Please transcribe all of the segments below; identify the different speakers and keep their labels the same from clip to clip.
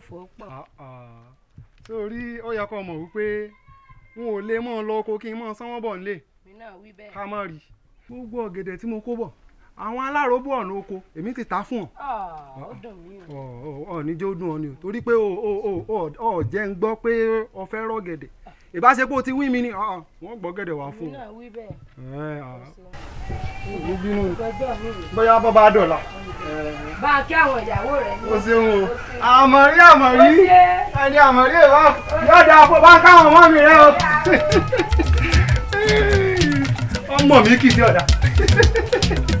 Speaker 1: òfò pọ̀. Ah, ah. sórí ó yẹ
Speaker 2: kó mọ̀ wípé n ò lè mọ́ ọ lọ oko kí n mọ́ ọ sanwó bọ̀ nílé ká má rí gbogbo ọ̀gẹ̀dẹ̀ tí mo kó bọ̀ àwọn aláròbó ọ̀nà oko èmi ti ta fún ọ.
Speaker 1: Ah, ó
Speaker 3: dùn mí
Speaker 2: o. ọ níjó dùn ọ ni o torí pé ọ jẹ́ ń gbọ́ pé ọ fẹ́ rọ̀gẹ̀dẹ̀ ìbáṣepọ̀ ti wí mi ni wọ́n gbọ́ gẹ̀dẹ̀ wá fún
Speaker 3: un.
Speaker 1: bóyá bàbá dọ̀la. bá a kí àwọn ìyàwó rẹ ní. o
Speaker 2: ṣeun o àmọ̀rí àmọ̀rí ẹni àmọ̀rí ìwọ yóò dáa fún bá káwọn ọmọ mi rẹ o. ọmọ mi kì í sí ọ̀dà.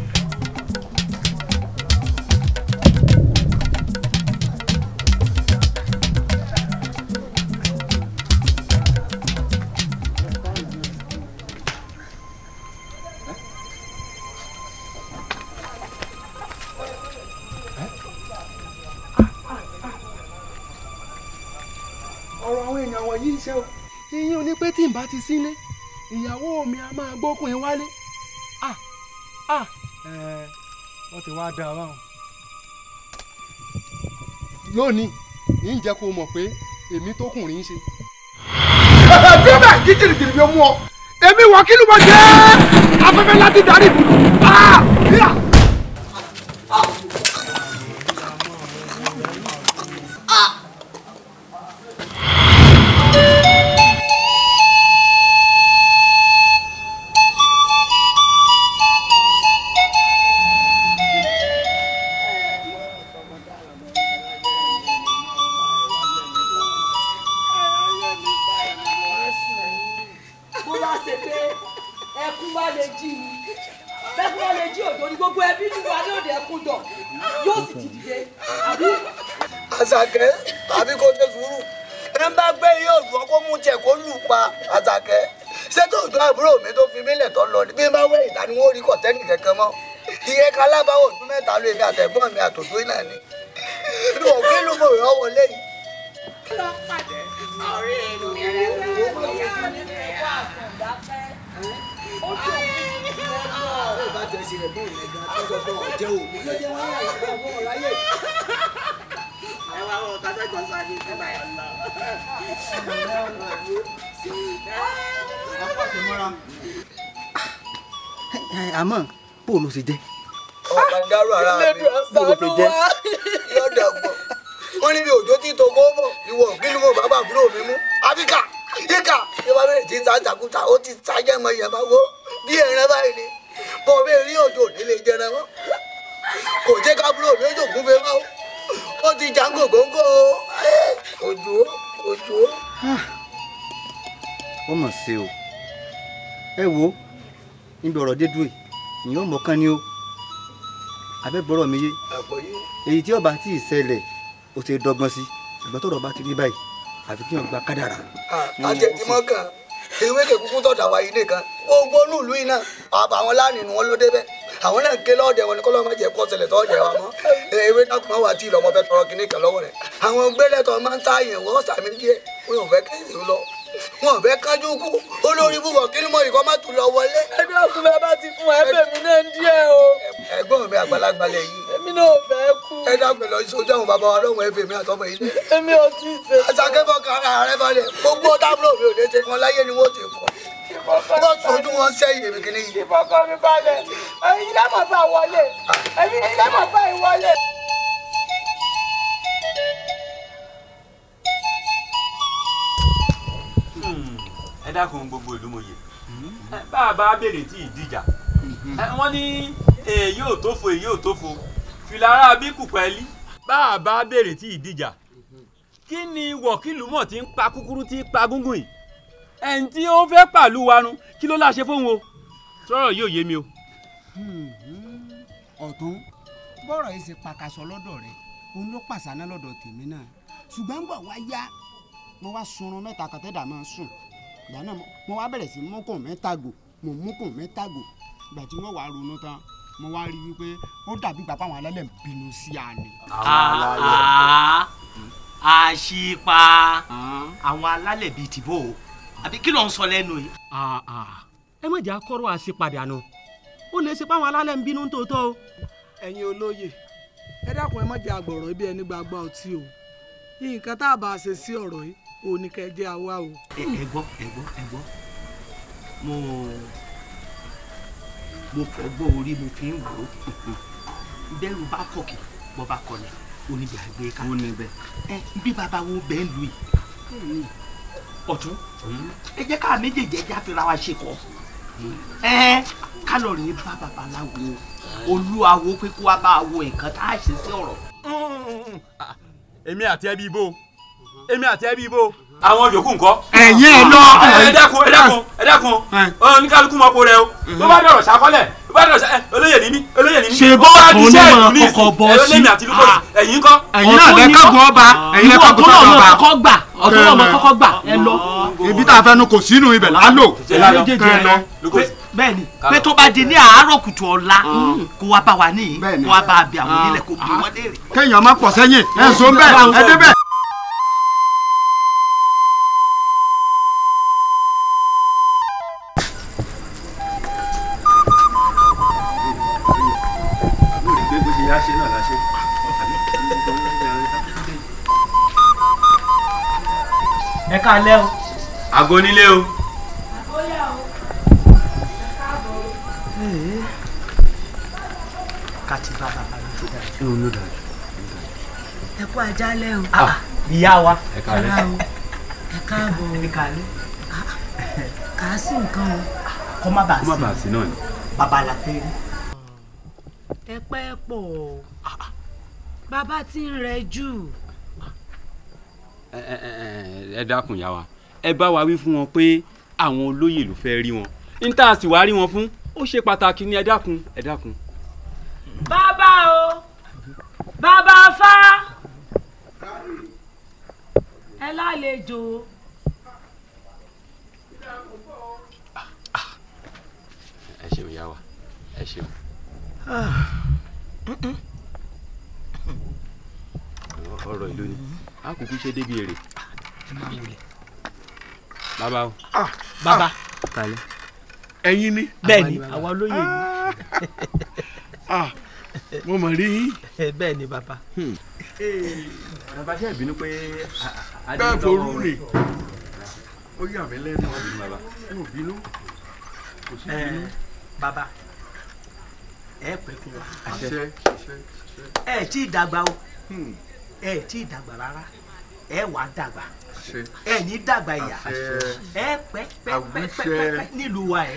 Speaker 2: n bá ti sílé ìyàwó mi a máa gbókùn yín wálé ah ah ẹ eh, wọ́n ti wá da wa lónìí ń jẹ́ kó o mọ̀ pé èmi tó kùnrin ń ṣe. bàbá bí bẹ́ẹ̀ kí jìrìjìrì bí ó mú ọ èmi wọ́n kí ló mọ̀ jẹ́ afẹ́fẹ́ láti darí ibùdó. Ah, ọ̀rọ̀ dé dúró yìí yóò mọ̀ọ́kán ni ó abẹ́gbọ́rọ̀ mi yé èyí tí ọba tí ì ṣẹlẹ̀ ó ṣe dọ́gbọ́n sí ṣùgbọ́n tọ̀rọ̀ bá ti rí báyìí àfi kí wọ́n gba kádàrà. àjẹtìmọ́kà ìwé kẹ̀kúkú tọ̀dà wa yìí nìkan gbogbo olúùlú yìí náà àbà àwọn láàánú ni wọ́n ló débẹ̀ àwọn náà ké lọ́ọ̀dẹ̀ wọn ni kọ́lọ́ máa jẹ kó ṣẹlẹ̀ tó jẹ wa mọ́ ewé dákun àwọn àti ìlọ́mọ fẹ́ tọrọ kíní kan lọ́wọ́ rẹ̀ àwọn gbẹ́lẹ́tọ̀ máa ń sáàyè wọ́n sàmì díẹ̀ wọn ò fẹ́ kéèyàn lọ wọn fẹ́ kájú kú olórí búbọ kí ni mo rí kọ má tún lọ wọlé. ẹgbẹ́ ọkùnrin bá bá ti fún ẹgbẹ́ mi náà díẹ̀ o. ẹ̀gbọ́n mi àgbàlagbà lẹ̀ yìí. èmi náà fẹ́ kú. ẹ dàgbẹ́ lọ sójú àwọn bàbá wa lọ́wọ́ ẹ̀fẹ̀ mi àtọ́mọ yìí. èmi ò tí ì ṣe. àṣàkẹ́fọ́ kan ara rẹ balẹ̀ gbogbo dábúrò mi ò lè ṣe kan láyé ni wọ́n ti fọ́ wọ́n fojú wọn sẹ́yìn èmi kìíní yìí. ìfọkàn mi balẹ̀ ẹ̀yin lẹ́mọ̀ bá wọlé ah. ẹ̀yin lẹ́mọ̀ bá ìwọlé.
Speaker 3: ẹ dákun gbogbo ìlú mòye bàbá béèrè tí ìdíjà
Speaker 2: wọ́n ní èyí ò tófo èyí ò tófo fìlàrà bíkù pẹ́ẹ́lí bàbá béèrè tí ìdíjà kí ni wọ̀kìlù mọ̀ tí ń pa kúkúrú tí ń pa gúngùn yìí ẹni tí ó fẹ́ pàlú warun kí ló láṣẹ fóun o sọ̀rọ̀ yóò yé mi o. Hmm, ọ̀tún bọ́rọ̀ yìí ṣe pàkàṣọ lọ́dọ̀ rẹ̀ òun ló pàṣánà lọ́dọ̀ tèmi náà ṣùgbọ́n gbọ̀ wá yá mo wá sunrun mẹ́ta kọ́tẹ́dà máa sùn ìgbà náà mo wá bẹ̀rẹ̀ sí mú kàn mẹ́ta gò mo mú kàn mẹ́ta gò ìgbà tí wọ́n wá ronú tán mo wá rí wípé ó dàbí ìgbà fáwọn alálẹ̀ ń bínú sí àná. àṣìpa àwọn alálẹ̀ bíi tìbó àbí kí ló ń sọ lẹ́nu yìí. ẹ má jẹ́ akọ́rọ̀ àṣepadà ó lè ṣe páwọn alálẹ̀ ń bínú tòótọ́ o. ẹ̀yin olóye ẹ dákun ẹ má jẹ́ àgbọ̀rọ̀ ibi ẹni gbàgbà ọtí o nǹkan tá a bá ṣe sí ọ̀rọ̀ yìí o oníkẹjẹ àwa o. ẹ gbọ́ ẹ gbọ́ ẹ gbọ́ mo mo fọgbọ́ orí mo fi ń wò ó bẹ́ẹ̀rù bá kọ̀kì bọ́ bá kọlẹ̀ oníjà gbé ká. ẹ bí bàbá wo bẹ́ẹ̀ lù
Speaker 3: yìí
Speaker 2: ọ̀tún hmm. ẹ jẹ́ ká méjèèjì ẹ jẹ́ àfihàn wa ṣe kọ́ hmm. ẹ kálọ̀rì bá babaláwo olúwawo pé kó wá bá wo nǹkan tá a ṣe sí ọ̀rọ̀.
Speaker 3: Hmm, ah,
Speaker 2: èmi àti ẹbí ibo èmi àti ẹbí ibo àwọn yòókù ńkọ́. ẹ̀yin ẹ lọ. ẹ dákun ẹ dákun ẹ dákun oníkálukú mọ kó rẹ o bó bá dọ̀rọ̀ sàkọ́lẹ̀ bó bá dọ̀rọ̀ sàkọ́lẹ̀ olóyè ní mí olóyè ní mí. ṣe bọ́ọ̀lù onímọ̀ kọ̀kọ̀ bọ́ sí i ẹ̀yin ah. kọ́. ẹ̀yin náà lẹ kọ́kọ́ ọba ẹ̀yin lẹ kọ́kọ́ ọba ọ̀tún ọmọ kọ́kọ́ gbà ẹ lọ. ibi tá a fẹnu kò sínú ibẹ̀ lálò kẹ́ lọ bẹ́ẹ̀ni pé tó bá di ní àárọ̀ kùtù ọ̀la ah. kó wá bá wa níyì kó wá bá a bí àwọn ah. onílẹ̀ kó bí wọn léèrè. kéèyàn má pọ̀ sẹ́yìn ẹ̀ sọ bẹ́ẹ̀ ẹ débẹ̀. kálẹ́ o. àgọ́ onílé o. àgọ́ yà o. ká ti bá bàbá mi tó dájú. ló dájú.
Speaker 1: ẹ kú ajálẹ̀ o. Ah, ìyá wa. ẹ kálẹ́. ẹ káàbọ̀ o. ẹ kálẹ́. kà á sí nǹkan o. kọ́ má bàa sí. kọ́ má bàa
Speaker 2: sí náà ni. bàbá
Speaker 1: la fẹ́ rí. ẹ pẹ́ pọ̀ bàbá tí ń rẹ jù
Speaker 2: ẹ dákun yá wa ẹ bá wa wí fún wọn pé àwọn olóyè ló fẹ́ rí wọn níta sì wá rí wọn fún ó ṣe pàtàkì ní ẹ dákun ẹ dákun.
Speaker 1: bàbá o bàbá fá ẹ lálejò.
Speaker 4: ẹ ṣeun yá wa ẹ ṣeun.
Speaker 3: Ah.
Speaker 2: ọ̀rọ̀ ìlú ni a kò fi ṣe débi èrè. bàbá o. Ah, bàbá kàlẹ́. Ah. ẹ̀yin ni. bẹ́ẹ̀ni àwa olóyè ni. Ah. mo mọ̀ rí yín. bẹ́ẹ̀ni bàbá. Hmm. bàbá ṣe ìbínú pé. bẹ́ẹ̀ forú ni
Speaker 5: ó yà mí lẹ́nu ọ̀bí bàbá mo bínú kò sí bínú. bàbá
Speaker 3: ẹ
Speaker 2: pẹ́ fún wa. àṣẹ ẹ tí ì dàgbà o. Hmm ẹ tí ì dàgbà rárá ẹ wàá dàgbà ẹ ní dàgbà ìyá ẹ pẹ́pẹ́pẹ́pẹ́ nílùú wa ẹ.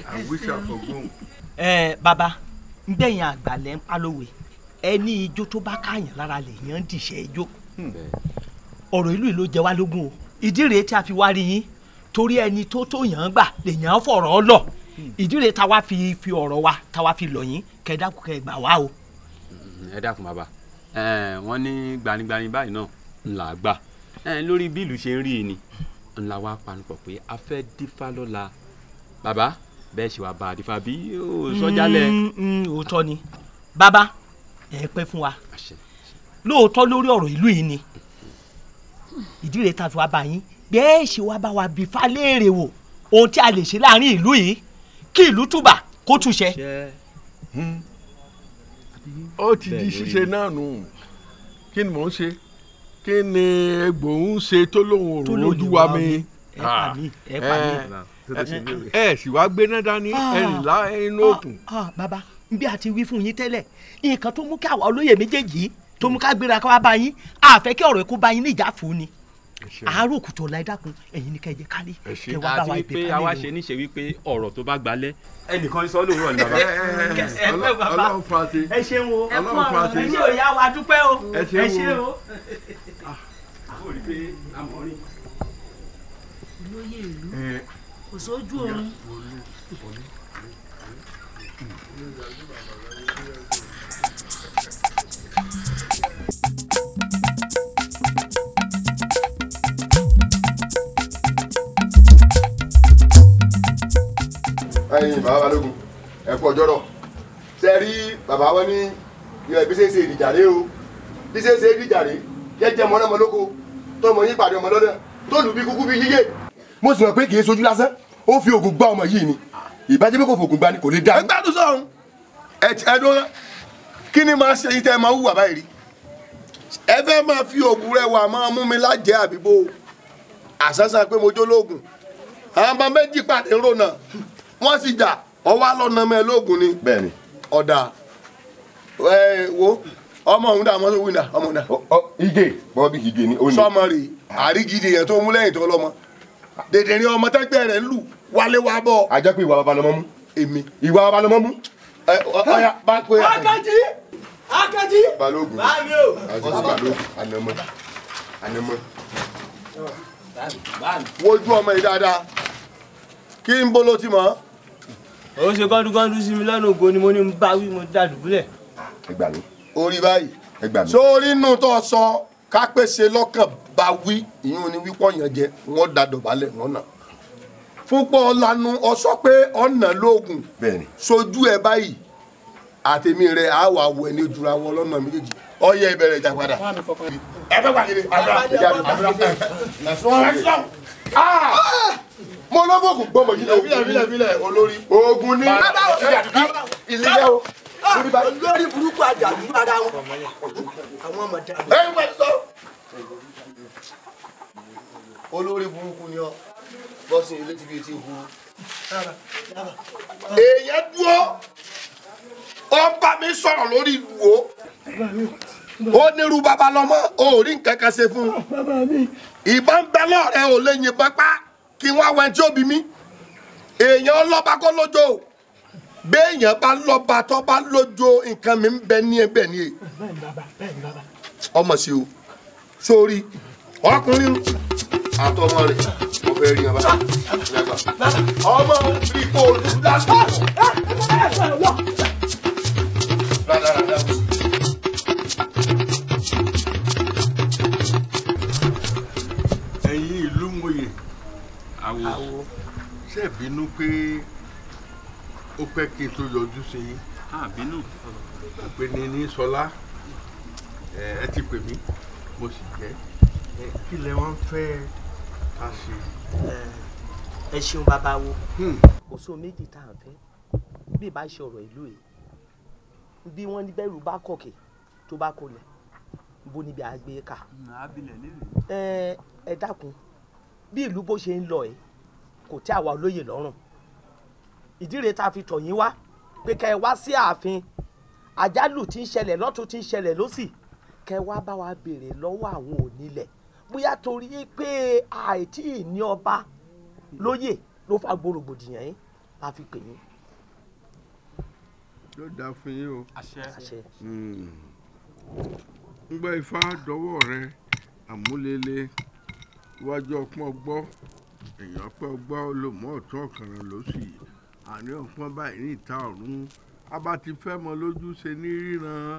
Speaker 2: ẹ bàbá ǹdẹ̀yìn àgbà lẹ́ ń pálówe ẹ ní ijó tó bá káàyàn lára lèèyàn ń dìṣẹ́ ijó hmm. ọ̀rọ̀ ìlú yìí ló jẹ wá lógún o ìdí rèé tí a fi wá rí yín torí ẹni tó tó yàn án gbà lèèyàn fọ̀rọ̀ lọ hmm. ìdí rèé tá a wá fi fi wa tá a wá fi lọ̀ yín kẹ́ẹ́dákùn gbà wá o. ẹ dákun bàbá Eh, wọ́n ní gbanigbani báyìí náà ńlá gbà eh, lórí bí ìlú ṣe ń rí i ni ńlá wa panupọ̀ pé a fẹ́ dífá lọ́la bàbá bẹ́ẹ̀ ṣe wà bá a dífá bí yóò sọ́jálẹ̀. Mm, mm, mm, òótọ́ ni bàbá ẹ pẹ́ fún wa lóòótọ́ lórí ọ̀rọ̀ ìlú yìí ni ìdí rẹ̀ ta fi wá bá yín bẹ́ẹ̀ ṣe wá bá wa bí falẹ́rẹ̀ wò ohun tí a lè ṣe láàrin ìlú yìí kí ìlú túbà kó túṣẹ
Speaker 5: ó ti di ṣíṣe náà nù kí ni mò ń ṣe kí ni egbòun ṣe tó lóun òrò ojú wa mi ah, ẹ sì wá gbéná dání ẹ ah, nìlá inú ah, òkun.
Speaker 2: bàbá bí a ti wí fún yín tẹ́lẹ̀ nǹkan tó mú kí àwa olóyè méjèèjì tó mú ká gbéra ká wá bá yín àfẹ́ kí ọ̀rọ̀ ẹ̀kú bá yín níjà fún ni àárò kùtọ̀ la ẹ dákun ẹ̀yin ni kẹ́ ẹ jẹ́ o. àti wípé àwa ṣe níṣe wípé ọ̀rọ̀ tó bá gbalẹ̀ ẹnìkan sọ lóòrọ̀ ni bàbá. ọlọ́run fati ẹ ṣeun o ọlọ́run fati ẹ ṣe òyà wa dúpẹ́ o ẹ ṣe o. Ah. olóyè
Speaker 3: ìlú eh. kò sójú oorun. Thank you.
Speaker 4: yín bàbá balógun ẹ kú ọjọ́rọ̀ ṣe rí bàbá wọn ní bí ṣe ṣe ìdìjàre o bí ṣe ṣe ìdìjàre jẹ́jẹ́ mọ́ lọ́mọ lóko tọmọ yín pàdé ọmọ lọ́dọ̀ tó lù bí kúkú bí yíyé. mo
Speaker 2: sì mọ̀ pé kì í sojú lásán ó fi oògùn gbá ọmọ yìí ni ìbájẹ́ pé kò fògùn gbani kò lè dá. ẹ gbádùn sọ̀rùn ẹ̀dùn kí ni máa ṣe yín tẹ́ ẹ máa hùwà báyìí rí ẹ fẹ́ máa fi oògùn rẹ wà máa mú mi lájẹ́ àbíbó àṣàṣà pé mo jólóògùn àwọn ọmọ méjì pàdé ń rònà wọ́n sì jà ọwọ́ ni. ọ̀dà wo ọmọ òun dà mọ́tò wíńdà ọmọ òun dà. ige ige ni ó ní. sọmọrì àrígidì yẹn tó mú lẹ́yìn tó lọ́mọ dèdè ni ọmọ tẹ́gbẹ́ rẹ̀ lù wálé wá bọ̀. ìwà mú. èmi. ìwà mú. ẹ ọya bá pé. balógun balógun anamọ anamọ. wojú ọmọ yìí dáadáa kí n bolo ti ó ṣe gọ́dúgọ́dú sí mi lọ́nà ògo ni mo ní ń bá wí mo dá ẹ gbà mí. orí báyìí. ẹ gbà mí. sórí inú tó sọ ká pèsè lọ́kàn bá wí ìyún ni wípọ̀ yẹn jẹ wọ́n da dọ̀bálẹ̀ wọ́n nà. fúnpọ̀ lanu ọ sọ pé ọ̀nà lóògùn. sojú ẹ báyìí àtẹ̀mí rẹ̀ á wà wọ ẹni ojúra wọn lọ́nà méjèèjì ọyẹ ìbẹ̀rẹ̀ ìjà padà.
Speaker 4: ẹ fẹ́ gbàgede àdúrà
Speaker 2: mo lọ́gbọ̀gùn gbọ́mọ̀ yìí lọ́wọ́ olórí oògùn ah, ah. ní ìlera o olórí burúkú àjàlú ara wọn àwọn ọmọ dàbí. ẹ ń sọ. olórí burúkú ni ọ
Speaker 4: bọ́sìn ilé ti fi ti hu.
Speaker 2: èèyàn dúró ó ń bá mi sọ̀rọ̀ lórí ìlú o ó nírú baba ó rí nǹkan kan ṣe fún un ìbọn bẹ́lọ̀ rẹ ò lè yìnbọn pa kí wọ́n àwọn ẹni tí ó bí mi èèyàn ọlọ́ba kó lójó o béèyàn bá lọ́ba tó bá lójó nǹkan mi ń bẹ ní ẹbẹ̀ ni e. ọmọ sí o sórí ọkùnrin àtọmọ rẹ
Speaker 3: mo fẹ́ rí yàn bá ọmọ rí kó lásìkò.
Speaker 5: ẹ̀yin ìlú mòye awo ṣe bínú pé ó pẹ́ kí n tó yọjú sí yín bínú pé ní ní sọlá ẹ ti pè mí
Speaker 2: mo sì jẹ́ kí lẹ wọ́n fẹ́ ká ṣe. ẹ ṣeun bàbá wo hmm. kò sóhun méjì tá à ń fẹ́ bí ìbá ṣe ọ̀rọ̀ ìlú yìí bí wọ́n ní bẹ́rù bá kọ̀kẹ́ tó bá kọlẹ̀ bó níbi àgbẹ̀ kà. ẹ dákun bí ìlú bó ṣe ń lọ ẹ kò tẹ́ àwa olóyè lọ́rùn ìdí rèé tá a fi tọ̀ yín wá pé kẹ́ ẹ wá sí ààfin àjálù tí ń ṣẹlẹ̀ lọ́tún tí ń ṣẹlẹ̀ lọ́sì kẹ́ ẹ wá bá wa béèrè lọ́wọ́ àwọn onílẹ̀ bóyá torí pé àìtí ìní ọba lóyè ló fa gbòrògbòdìyàn yín la fi pè yín. yóò dáa fún yín o. àṣẹ. ń hmm. gba ifá
Speaker 5: dọwọ́ rẹ àmúlélẹ́ iwájú ọpọ́n gbọ́ èèyàn pẹ́ gbọ́ olùmọ̀ ọ̀tún ọ̀kànràn ló sì àní ọpọ́n báyìí ní ìta ọ̀run abá ti fẹ́ mọ lójú ṣe ní ríran.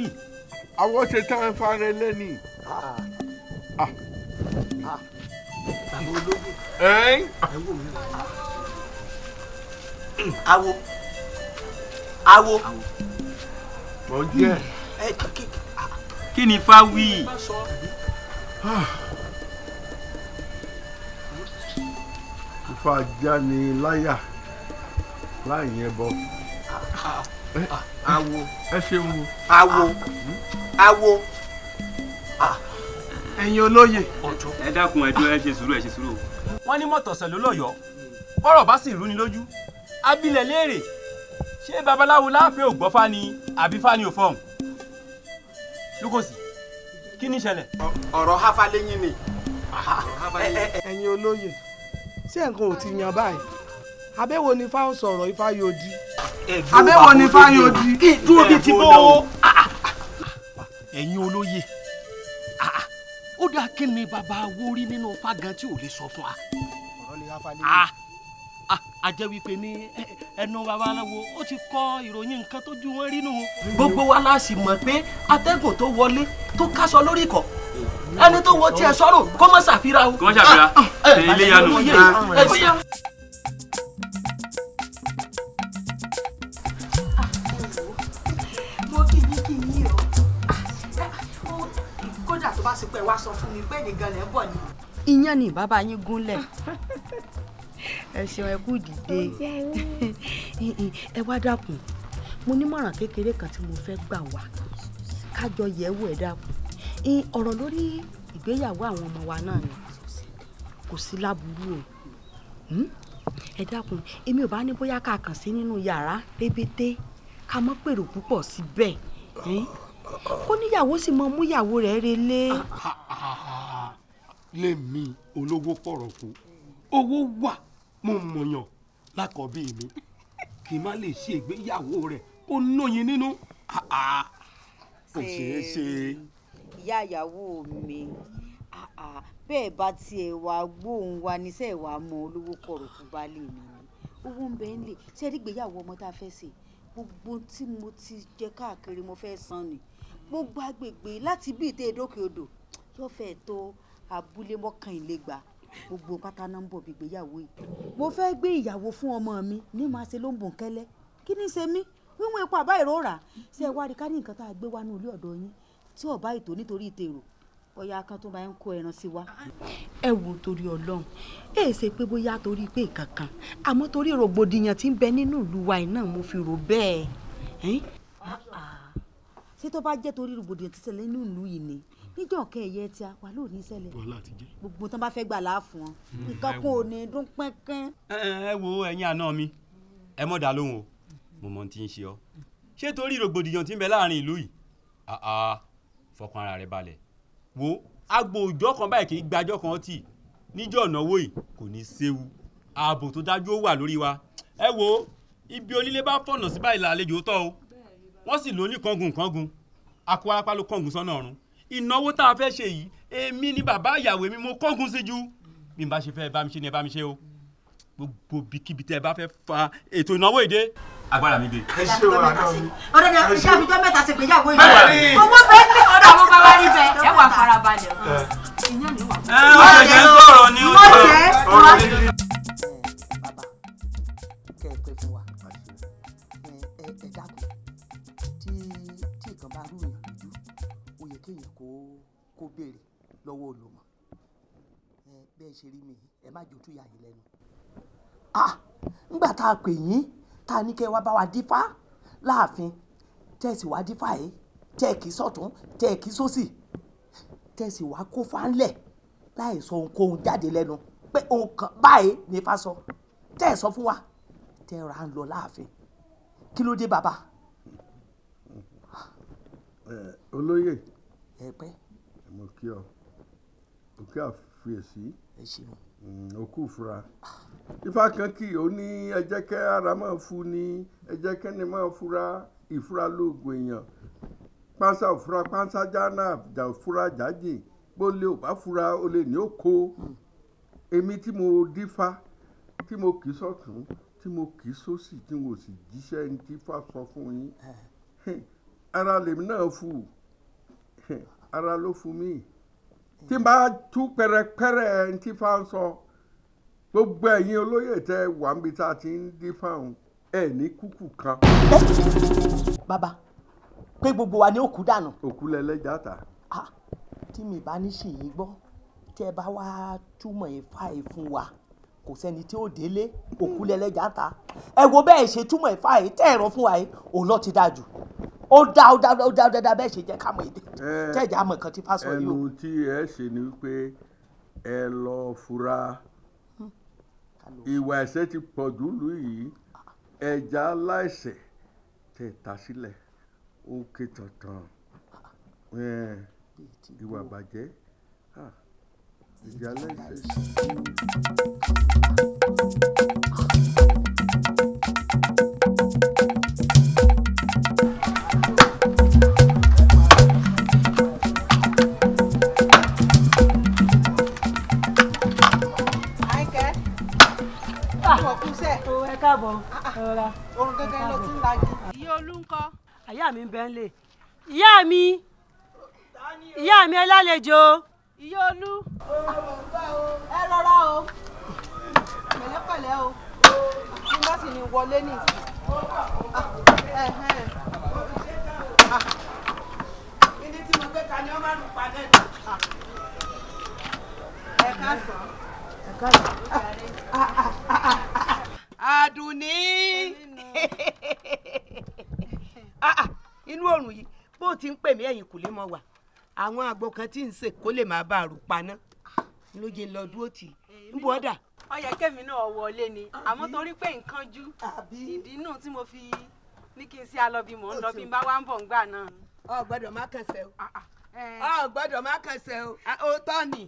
Speaker 2: wí. àwọn ṣe tá a fara lẹ́ni. Ah. Ah. Ah. bàbá ológun ẹ wò mí lọ. awo awo.
Speaker 5: mọ díẹ̀. kí ni fa wí. ifá já ni láyà láì yẹn bọ
Speaker 2: awo ẹ ṣeun o awo ah. awo ah. ẹ̀yin olóye ẹ dákun ẹ dúró ẹ ṣe sùúrù ẹ ṣe sùúrù. wọ́n ní mọ̀tọ̀sẹ̀ ló lọ́yọ̀ọ́ bọ́rọ̀ bá sì rú ni lójú abilẹ̀ léèrè ṣé babaláwo láàfin ò gbọ́ fani àbí fani ò fọhùn. lukosi kí ni ìṣẹ̀lẹ̀. ọ̀rọ̀ hafa lẹ́yìn ni ah. ẹ̀yin olóye ṣé nǹkan ò ti yan báyìí abẹ́wò ni fáwọn sọ̀rọ̀ ifá yóò di abẹ́wò ni fáwọn yóò di dúró bíi ti bó o. Ah, ah, ah. ẹ̀yin olóye ó dáa kí ni bàbá wórí nínú fagan tí ò lè sọ fún wa. a jẹ́ wípé ní ẹnu babaláwo ó ti kọ ìròyìn nǹkan tó ju wọn rí nù. gbogbo wa la sì mọ̀ pé atẹ́gùn tó wọlé tó kásọ lórí ikọ̀ ẹni tó wọ tiẹ̀ sọ́rọ̀ kó má ṣàfihàn o. kó má ṣàfihàn ilé yanu.
Speaker 1: bá sì pẹ́ wá sọ fún mi pé nìkan lẹ́ ń bọ̀ ni. iyán ni bàbá yín gúnlẹ̀ ẹ ṣeun ẹ kú dìde ẹ wá dákun mo nímọ̀ràn
Speaker 2: kékeré kan tí mo fẹ́ gbà wá kájọ yẹ̀wò ẹ dákun ọ̀rọ̀ lórí
Speaker 1: ìgbéyàwó àwọn ọmọ wa náà ni kò sí láburú o hmm? ẹ dákun èmi ò bá ní bóyá ká kàn sí nínú yàrá rébété ká mọ́ pèrò púpọ̀ síbẹ̀ kó níyàwó sì mọ mú ìyàwó rẹ̀ relé.
Speaker 2: lèmi olówó pọ̀rọ̀ kú owó wà mo mọ̀yàn lákọ̀ọ́bí mi kì í má lè ṣe ìgbéyàwó rẹ̀ ó nóyin nínú kò ṣeé ṣe. ìyá ìyàwó mi bẹ́ẹ̀ bá tiẹ̀ wá gbóhùn wa níṣẹ́ ìwà mọ olówó pọ̀rọ̀ kú baálé mi ni
Speaker 1: owó ń bẹ ń lè
Speaker 2: ṣe é rí ìgbéyàwó ọmọ tá a fẹ́ ṣe gbogbo tí mo ti
Speaker 1: jẹ káàkiri mo fẹ́ san ni gbogbo agbègbè láti bí ìtẹ́ ìdókè odò yóò fẹ́ tó abúlé mọ́kànlégbà gbogbo pátá ń bọ̀ bí ìgbéyàwó yìí. mo fẹ́ gbé ìyàwó fún ọmọ mi ní màá ṣe ló ń bùn kẹ́lẹ́ kí ni ṣe mí wíwọ́n epo àbá ìrora ṣe é wá rí ká ní nǹkan tá a gbé wá ní ilé ọ̀dọ̀ yín tí ọ̀bá ètò nítorí ìtèrò bóyá
Speaker 2: kan tó máa ń kó ẹran sí wa.
Speaker 1: ẹ wo torí Ọlọ́run ẹ ṣe pé bóyá torí pé kankan àmọ́ torí rògbòdìyàn tí ń bẹ nínú ìlú wa yìí mo fi rò bẹ́ẹ̀ ṣé tó bá jẹ́ torí rògbòdìyàn ti ṣẹlẹ̀ nínú ìlú yìí ni níjọ́ ọ̀kẹ́ ẹ̀yẹ tí a wà ló ní ṣẹlẹ̀ gbogbo tán bá fẹ́ gbà láàfún ọ hmm, nǹkan kan ò ní dún pẹ́ńkẹ́n.
Speaker 2: ẹ wo ẹ̀yin àná mi ẹ mọ̀ dá lóhùn o mo mọ̀ ti ń ṣe ọ ṣé torí rògbòdìyàn ti ń bẹ láàrin ìlú yìí fọkàn ara rẹ balẹ̀ wo agbo òjò kan báyìí kì í gbàjọ́ kan tì níjọ́ ọ̀nàwó yìí kò ní séwu ààbò tó dájú ó wà lórí wa ẹ wo ibi onílé bá fọ̀nà sí làlejò tọ́ o wọ́n sì lò ní kángun kángun àkúwárápá ló kángun sọ́nà ọ̀run ìnáwó tá a fẹ́ ṣe yìí èmi ni bàbá ìyàwó mi mo kángun sí ju bí n bá ṣe fẹ́ bá mi ṣe ni ẹ bá mi ṣe o gbogbo bíkíbi tẹ́ ẹ bá fẹ́ fa ètò ìnáwó èdè agbára mi dé. ẹ ṣe wà náà mi.
Speaker 1: ọ̀rẹ́ mi iṣẹ́ àfijọ́ mẹ́ta ṣe gbéyàwó ìlú rẹ̀. owó bẹ́ẹ̀ ní ọ̀dọ̀ àwọn bàbá rí bẹ́ẹ̀. ẹ wà farabalẹ̀. ẹ
Speaker 3: ọ̀sẹ̀ jẹ́ sọ̀rọ̀ ni. mọ̀jẹ̀ mọ̀jẹ̀.
Speaker 2: kéèyàn kó kó béèrè lọ́wọ́ olùmọ̀ ẹ bẹ́ẹ̀ ṣe rí mi ẹ má jòtú ìyá yìí lẹ́nu. ah ńgbà tá a pè yín tá a ní kẹ́ ẹ wá bá wa dífá láàfin tẹ́ẹ̀sì wá dífá yìí tẹ́ẹ̀kì sọ̀tún tẹ́ẹ̀kì sósì tẹ́ẹ̀sì wá kó fáńlẹ̀ láì sọ ohunkóhun jáde lẹ́nu pé ohun kan báyìí ní ifá sọ tẹ́ẹ̀ sọ fún wa tẹ́ẹ̀ rà ń lọ láàfin kí ló dé bàbá.
Speaker 5: olóyè ẹ pẹ́. mo kí ọ mo kí àfiyèsí. ẹ ṣeun. òkú mm, fura ifá kan kì í ó ní ẹ jẹ́ ara máa fu ni ẹ jẹ́ kẹ́ni máa fura ìfura lóògùn èèyàn pánsá òfura pánsá jáná àjà òfura jáde gbólé ò bá fura ó lè ní òkó èmi tí mo dífá tí mo kì í sọ̀tún tí mo kì í sósì tí mo sì jíṣẹ́ ní tí fà sọ fún yín ara lèmi náà fù ara ló fún mi tí n bá tú pẹrẹpẹrẹ ẹni tí fa ń sọ gbogbo ẹ̀yin olóyè tẹ wà níbi tá a ti ń dín fáwọn ẹ ní kúkú kan. bàbá
Speaker 2: pé gbogbo wa ni òkú dànù. òkú lẹlẹ́jà ta. Ah, tí mi bá ní ṣèyí gbọ́ tẹ́ bá wá túmọ̀ ìfá yìí fún wa kò sẹ́ni tí ó délé òkú lẹlẹ́jà ta ẹ wo bẹ́ẹ̀ ṣe túmọ̀ ìfá yìí tẹ́ ẹ̀rọ fún wa yìí òun lọ ti dáa ó dá ó dá ó dá ó dá bẹ́ẹ̀ ṣe jẹ́ ká mọ̀ èdè
Speaker 5: jẹ́jà àmọ̀ kan tí fásọ yìí o. ẹnu tí ẹ ṣe ni pé ẹ lọ fura ìwà ẹ̀ṣẹ̀ ti pọ̀ jù lù yìí ẹja aláìṣẹ̀ tẹ̀ ta sílẹ̀ ó ké tọ̀tàn ìwà bàjẹ́ ìjà aláìṣẹ̀.
Speaker 1: dàbọ̀ ọ̀rọ̀ ah, ah. orun gẹ́gẹ́ ló ti ń lajú. ìyá olú àyà mi bẹ́ẹ̀ ìyá mi ìyá mi ẹ lálejò olú. ẹ rọra o pẹ̀lẹ́pẹ̀lẹ́ o ní bá sì wọlé ní ìsìn. Ah, ilé tí mo gbé ka ni wọ́n máa ń padà jù. ẹ ká sọ. ẹ sọ. àdùnní ah, ah,
Speaker 2: inú oòrùn yìí bó ti ń pè mí ẹ̀yìn kò lè mọ wà àwọn àgbo kan tí ń sè kó lè máa bá àrùn paná ló jẹ lọ dúró tì í
Speaker 1: ń bọ dà. ó náà wọlé ni torí pé nǹkan ìdí tí mo fi ní kí n ṣe alọ́bí mò ń bá wá ń bọ̀ ńgbà náà. ọ gbọdọ má kẹsẹ̀ o ah, ọ má o òótọ́ ni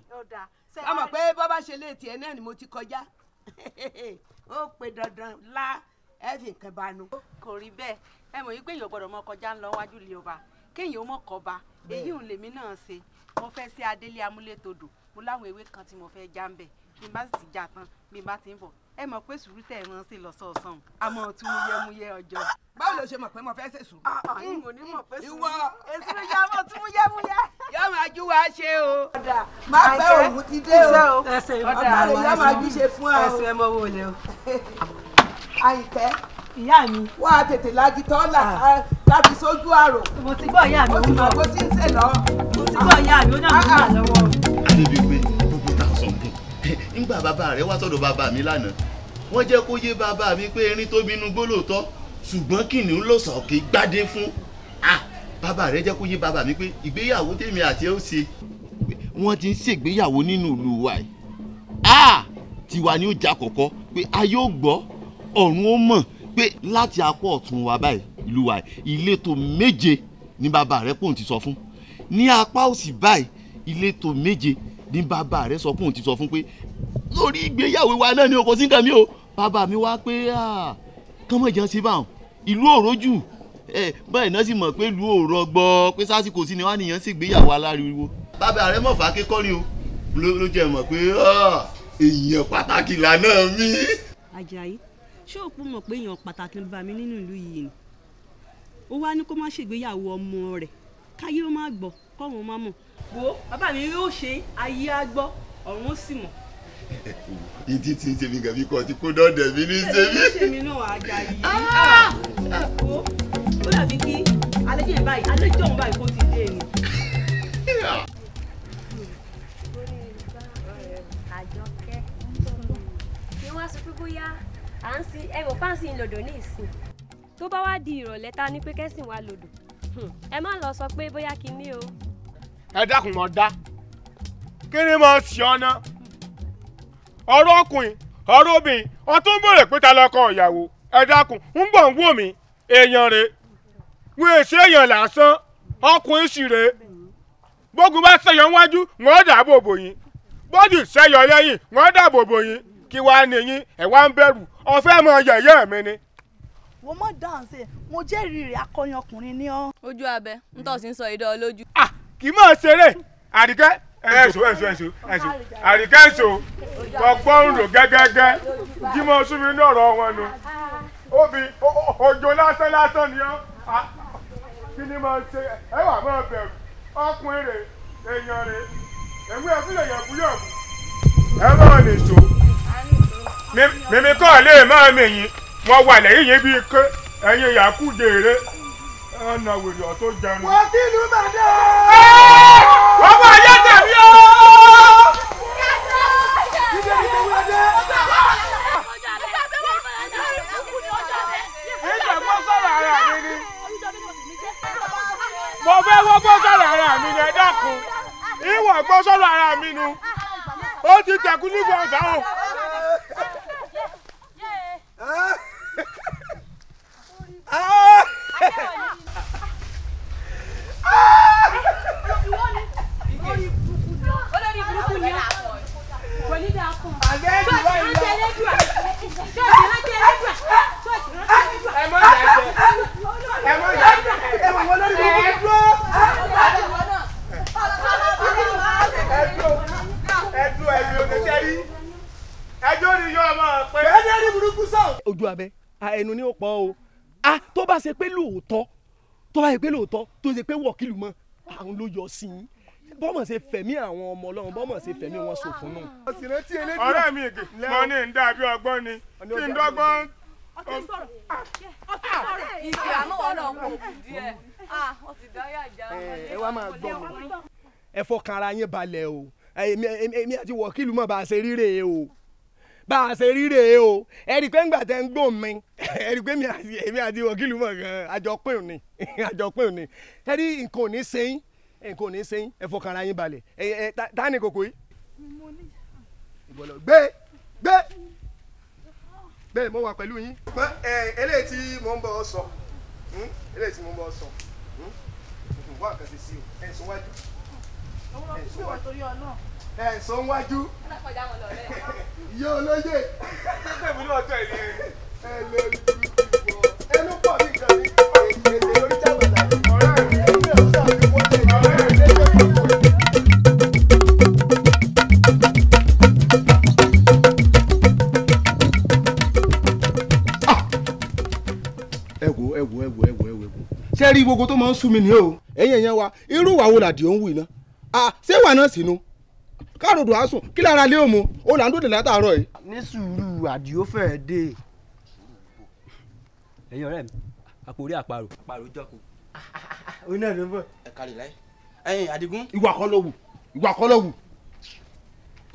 Speaker 1: pé bọ́ bá ṣe ni mo ti kọjá ó pe dandan lá ẹ fi nǹkan banu. kò rí bẹ́ẹ̀ ẹ mọ̀ yín pé èèyàn gbọ́dọ̀ mọ kọjá ńlọ wájú ilé ọba kéèyàn ó mọ̀ kọba èyí òun lèmi náà ṣe mo fẹ́ ṣe adélé amúlétodò mo láwọn ewé kan tí mo fẹ́ já ń bẹ̀ bí n bá sì ti já tán bí n bá ti ń bọ̀ ẹ mọ̀ pé sùúrù tẹ̀ máa ń ṣe lọ́sọ̀ọ̀sán àmọ́ tún múyẹ́múyẹ́ ọjọ́. báwo ló ṣe mọ̀ pé mo fẹ́ ṣe sùúrù. Ah, ah, ìwọ ni mo fẹ́ sùúrù èsì ló yẹ àmọ́ tún múyẹ́múyẹ́. yóò máa jú wa ṣe o. ọ̀dà
Speaker 2: máa pẹ́ òun ti dé o ẹsẹ̀ ọ̀dà rẹ̀ yóò máa jú ṣe fún ọ. ẹsẹ̀ ẹ mọ owó lẹ o. àyìnkẹ́ ìyá mi. wá a tètè lajú tọ́lá láti
Speaker 1: sójú àrò. mo ti gbọ́ ìyá mi ó ń bọ̀. mo ti ń ṣe lọ. mo ti gbọ́ ìyá mi ó náà ń bà
Speaker 4: nígbà bàbá rẹ̀ wá sọ́dọ̀ bàbá mi lánàá wọ́n jẹ́ kó yé bàbá mi pé erin tó bínú gbólóòtọ́ ṣùgbọ́n kìnìún ló sọ̀ kí gbádé fún ah bàbá rẹ̀ jẹ́ kó yé bàbá mi pé ìgbéyàwó tèmi àti ẹ̀ ó ṣe wọ́n ti ń ṣègbéyàwó nínú ìlú wa yìí ah tiwa ni ó jà kọ̀kọ́ pé a yóò gbọ́ ọ̀run ó mọ̀ pé láti apá ọ̀tún wa báyìí ìlú wa yìí ìletò méje ni bàbá rẹ̀ pòun ti sọ fún ní apá òsì báyìí ìletò méje ní bàbá rẹ sọ pé òun ti sọ fún pé lórí ìgbéyàwó wa náà ni o kò sí nǹkan mi o bàbá mi wá pé kọ́mọ̀ ìjà ṣe báwọn ìlú òròjù ẹ báyìí náà sì mọ̀ pé ìlú òrọ̀gbọ́ pé sásìkò sí ni wọ́n á nìyẹn ṣègbéyàwó aláriwo bàbá rẹ mọ̀ fà kékọ́rin o ló jẹ́ mọ̀ pé èèyàn pàtàkì lànà mi.
Speaker 1: Àjàyí ṣé òpó mọ̀ pé èèyàn pàtàkì bàbá mi nínú ìlú yìí ni ó wá ní kó má ṣègbéyàwó ọmọ rẹ̀ káyé ó má gbọ́ kọ́run má mọ̀. wo bàbá mi yóò ṣe ayé á gbọ́ ọ̀run ó sì mọ̀.
Speaker 4: ìdí tí ń ṣe mi gàbí kan ti kó dọ́ọ̀dẹ̀ mi ní ṣe mí.
Speaker 1: ṣe mi náà àjà yìí. Ah! Ah! wo ó dàbí kí àlejò yẹn báyìí àlejò òun báyìí kó ti dé ni.
Speaker 3: àjọkẹ́ ni wọ́n á sọ pé bóyá
Speaker 1: à ń sin ẹ̀rọ fáǹsì lòdò ní ìsìn tó bá wá di ìrọ̀lẹ́ ta ni pé kẹ́sìn wa lòdò ẹ má lọ sọ pé bóyá kinní o.
Speaker 2: ẹ dákun mọ dá kí ni mo sì ọ ọ̀rọ̀ ọkùnrin ọ̀rọ̀ obìnrin wọn bèrè pé ta lọkọ ìyàwó ẹ dákun ń bọ̀ ń wò mí èèyàn rè wọn èèyàn lásán ọkùnrin sì rè bá ṣẹyọ wájú wọn dàbò bò
Speaker 1: wo mọ dáǹsì mo jẹ́rìí rẹ̀ akọyan ọkùnrin ní ọ. ojú abẹ ń tọ́ sí sọ idán olójú. A ah,
Speaker 2: kì í mọ̀ ṣeré àríkẹ́ ẹ̀ṣọ́ ẹ̀ṣọ́ ẹ̀ṣọ́ ẹ̀ṣọ́ àríkẹ́ ẹ̀ṣọ́ ọgbọ́n rò gẹ́gẹ́gẹ́ jímọ̀ súnmi lọ́rọ̀ wọn nu obì lásán lásán ni ọ́ ah, kí ni ṣe ẹ wà
Speaker 3: mọ́ bẹ̀rù ọkùnrin rè èèyàn rè
Speaker 2: èmi nìṣó lè wọ́n wà lẹ́yìn yẹn bíi ké ẹ̀yin yàkú dèrè ọ̀nà wèrè ọ̀tó jẹun.
Speaker 3: wọ́n kí ìlú bàdé. wọ́n bá ayé tàbí o.
Speaker 2: mo fẹ́ wọ́n gbọ́ sọ̀rọ̀ ara mi ni ẹ dákun ìwọ̀n gbọ́ sọ̀rọ̀ ara mi nu ó ti tẹ̀kú nígbà ọ̀sán o. bá ṣe pé lóòótọ́ tó bá ṣe pé lóòótọ́ tó ṣe pé wọ̀kìlù mọ́ àwọn ló yọ sí i bọ́mọ̀ ṣe fẹ̀mí àwọn ọmọ ọlọ́run bọ́mọ̀ ṣe fẹ̀mí wọn ṣòfò náà.
Speaker 3: ọ̀rẹ́ mi èké mo ní ń
Speaker 2: dàbí ọgbọ́n ni kí n dọ́gbọ́n.
Speaker 3: ọtí sọ̀rọ̀ ọtí sọ̀rọ̀ ìgbé ah, àmọ́ wọn náà kò kù díẹ̀ ah, wọ́n ti dá yàjà. Eh, ẹ wá máa gbọ́ mi.
Speaker 2: ẹ yín balẹ̀ o eh, èmi àti wọ̀kìlù mọ̀ bá a ṣe ríre o. bá a ṣe rí rèé o ẹ̀rí pé ńgbà tẹ́ ń gbò mí ẹ̀rí pé èmi àti mọ̀ gan àjọpín òní àjọpín òní nǹkan ta ni kòkó yìí. gbé gbé bẹ́ẹ̀ mo wà pẹ̀lú yín. ẹ eléyìí tí mò ń bọ̀ sọ hmm? eléyìí tí mò sọ hmm? wọ́n àkàtì sí o ẹ̀ sọ wájú. ẹ̀ ẹ̀sọ́ wájú iye olóyè ẹnu pọ̀ bí nǹkan ní èdè lórí jàgbàdà ọ̀rẹ́ mi èmi ò sáà ní wọ́n tẹ̀lé ọ̀rẹ́ mi lẹ́yìn ìpàkọ́. ẹwò ẹwò ẹwò ẹwò ẹwò ẹwò ṣé rí gbogbo tó máa ń sú mi nìyẹn o ẹ̀yin ẹ̀yẹn wa irú wàá wo làdìó ń wù iná à ṣé wà náà sínú káàròdò àásùn kí lára lé òmu ó là ń dòde látàárọ̀ yìí. ní sùúrù àdìó fẹ́ẹ́ dé. ẹ̀yin ọ̀rẹ́ mi àpòrí àparò. àparò jọkọ. o náà ló ń bọ̀. ẹ kàlè láyé ẹ̀yin adigun. ìwà kọ́ ló wù ìwà kọ́ ló wù.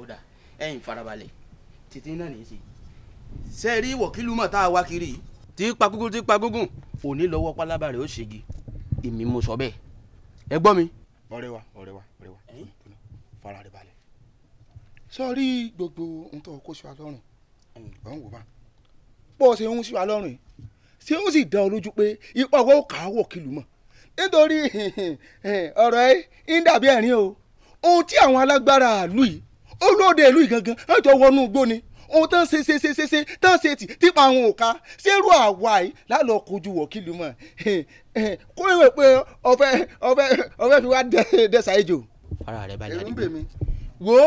Speaker 2: ó dà ẹ̀yin farabalẹ̀ títí náà nìyí sí. ṣé ẹ rí wọ̀kìlú mọ̀ tá a wá kiri yìí tí pagúgún tí pagúgún òní lọ́wọ́ pálábà rẹ̀ ó ṣègi èmi mo sọ bẹ́ẹ̀ ẹ gbọ́ mi. ọ̀rẹ́ wa ọ̀rẹ́ wa sọrí gbogbo ohun tó kó sí wa lọ́rùn ọ̀ hmm. ń wò bá bó o ṣe ń sí wa lọ́rùn yìí ṣé ó sì dán ọ lójú pé ipa ọwọ́ kà á wọ̀ kìlù mọ̀ nítorí ọ̀rọ̀ ẹ ń dàbí ẹ̀rín o ohun tí àwọn alágbára ìlú yìí olóde ìlú yìí gangan ẹ̀jọ̀ wọnú igbó ni ohun tán ṣe ṣe ṣe ṣe ṣe tán ṣe tì típa àwọn òka ṣérú àwa yìí lálọ́ kojú wọ̀ kìlù mọ̀ kó ìwé pé ọ̀fẹ́ ọ̀fẹ́ ọ̀fẹ́ fi wá dẹ́sà ejò. ara rẹ balẹ̀ àdìgbò wo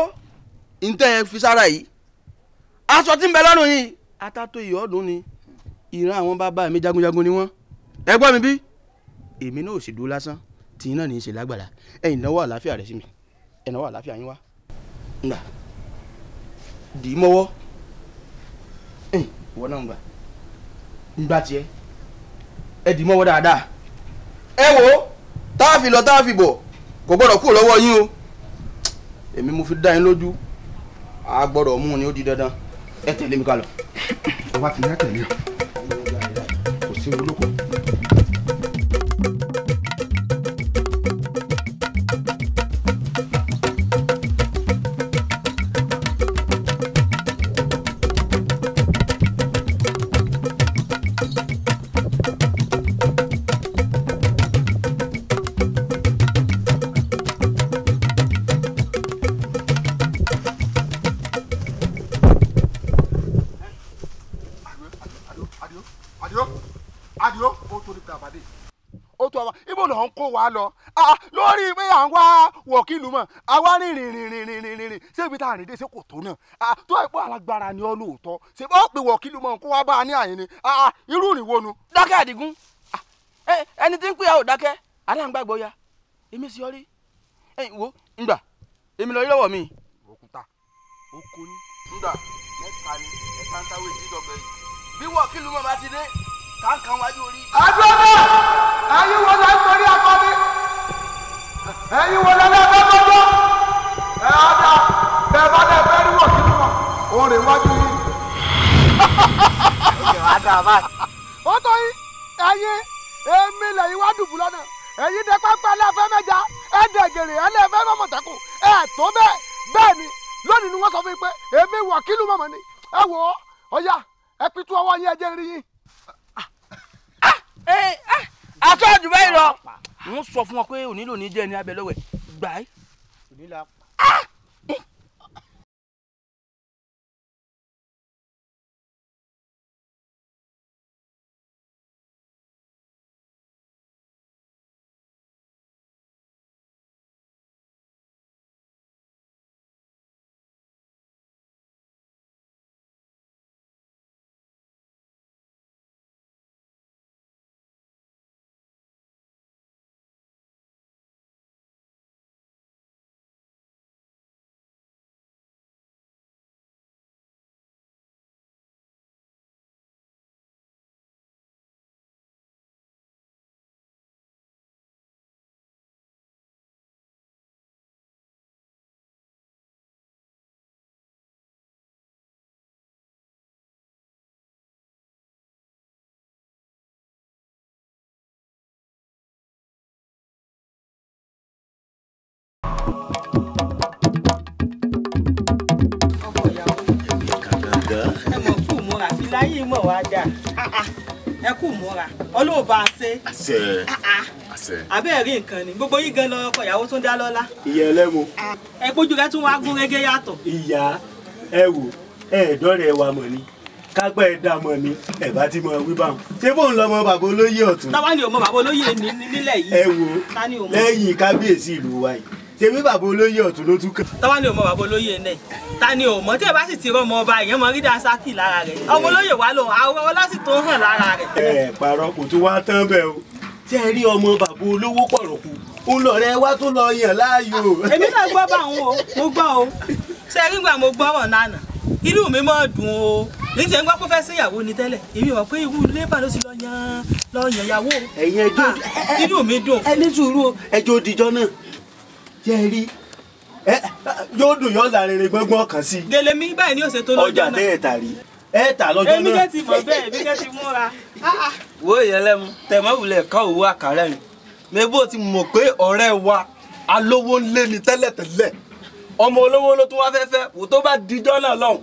Speaker 2: ntẹ́ ẹ fi sára yìí aṣọ tí ń bẹ lọ́rùn yìí atátó ìyọ́dún ni ìran àwọn bàbá mi jagunjagun ni wọ́n ẹ gbọ́ mi bí èmi náà ò sì dúró lásán tí iná ní í ṣe lágbára ẹ̀yin náwó àlàáfíà rẹ̀ sí mi ẹ̀yin náwó àlàáfíà yín wá nga dì í mọ́wọ́ ìwọ náà ngbà ngbà tiẹ̀ ẹ dì í mọ́wọ́ dáadáa ẹ wo tá a fi lọ tá a fi bọ̀ kò gbọ́dọ̀ kúrò lọ́wọ́ yín o èmi mo fi dá yín lójú a gbọ́dọ̀ mú un ni ó di dandan ẹ tẹ̀lé mi ká lọ. ọba ti ní àtẹ̀lé kò sí olóko. wá lọ ah, ah, lórí pé à ń wá wọ̀kìlù mọ̀ àwa rìn rìn rìn rìn rìn rìn rìn tá a rìn dé ṣé kò tó náà ah, tó àìpọ̀ alágbára ni ọ lóòótọ́ ṣe ó pè wọ̀kìlù mọ̀ kó wá bá a ní àyè ni irú nu. dákẹ́ àdìgún ẹni tí ń pè ò dákẹ́ aláǹgbàgbọ́ ya èmi ọ ẹ̀yìn wo ngbà èmi lọ rí lọ́wọ́ mi. òkúta ngbà mẹ́ta ni ń táwé ti dé kankan wájú orí. àdúrà ẹ̀yin wo la ń torí
Speaker 3: akọni ẹ̀yin wo la lẹ́ẹ̀fẹ́ mọ́jọ́ ẹ̀
Speaker 2: ọ̀dà bẹ́ẹ̀ bá lẹ́ẹ̀ fẹ́ rí wọ̀kí mọ́ òun rè wájú yìí. ó tó yín ẹ̀yin èmi lẹ́yìn wá dùbú lọ́nà ẹ̀yin dẹ pápá ẹlẹ́fẹ́ mẹ́ja ẹ̀ẹ́dẹ̀gẹ̀rẹ̀ ẹlẹ́fẹ́ mọ́mọ́tẹ́kù ẹ̀ tó bẹ́ẹ̀ bẹ́ẹ̀ ni lónìí ni wọ́n sọ fún mi pé èmi wọ̀kí lù mọ̀mọ́ ni ẹ wò ó ọ̀ya ẹ pitú ọwọ́ yín ẹ jẹ́ rí yín atọ́jú ah, báyìí lọ n sọ fún wọn pé onílò ní jẹ́ ẹni abẹ lọ́wẹ̀ gbà á. yìí mọ̀ wá dáa ẹ kú múra ọlọ́wọ́ bá a ṣe. àṣẹ ah, ah. àṣẹ. rí nǹkan ni gbogbo yín gan lọ ọkọ ìyàwó tó ń dá lọ́lá. ìyá ẹlẹ́mu. Ah. ẹ gbójú rẹ tún wá gún régé yàtọ̀. ìyá ẹ wò ẹ dọ́rẹ̀ wa mọ̀ ni kápẹ́ ẹ dá mọ̀ ni ẹ bá ti mọ wí báwọn. ṣé bóun lọ mọ bàbá olóyè ọ̀tún. táwa ni ò mọ bàbá olóyè nílẹ̀ yìí. ẹ wò lẹ́yìn kábíyèsí ìlú wa yìí tèmi bàbá olóyè ọ̀tún ló tún kàn. tọ́wá ni ọmọ bàbá olóyè náà ta ni ọmọ tí ẹ bá sì ti rọmọ ọba èèyàn mọ rídà sákì lára rẹ ọmọ olóyè wa lòun àwọn ọlá sì tó hàn lára rẹ. ẹ parọ́ kò tún wá tán bẹ́ẹ̀ o tí ẹ rí ọmọ bàbá olówó pọ̀rọ̀kù ń lọ rẹ wá tó lọ yàn láàyò. èmi náà gbọ́ bá àwọn o mo gbọ́ o ṣe rí gbà mo gbọ́ ọ̀rọ̀ náà inú mi máa dùn o ní tiẹ̀ ń gbọ́ pé fẹ́ sí ni tẹ́lẹ̀ èmi mọ̀ pé irú lébà ló ti lọ yan lọ yan ìyàwó. ẹ̀yin ẹjọ́ ah, inú mi dùn. ẹni sùúrù ẹjọ́ òdìjọ́ náà jẹ́ ẹ rí yóò dùn yóò la rere gbọ́ngbọ́n kan sí. gèlè mi báyìí ni òṣètò lọ́jọ́ náà ọjà tẹ́ ẹ̀ tà rí ẹ̀ tà lọ́jọ́ náà. èmi kẹ́ ti mọ̀ bẹ́ẹ̀ èmi kẹ́ ti múra. wo ìyẹlẹmu tẹmọwulẹ ká òwú àkàrẹ rìn mẹbí o ti mọ̀ pé ọ̀rẹ́ wa alówó ń lé ni tẹ́lẹ̀tẹ́lẹ̀ ọmọ olówó ló tún wá fẹ́fẹ́ wò tó bá dijọ́ náà lọ́hùn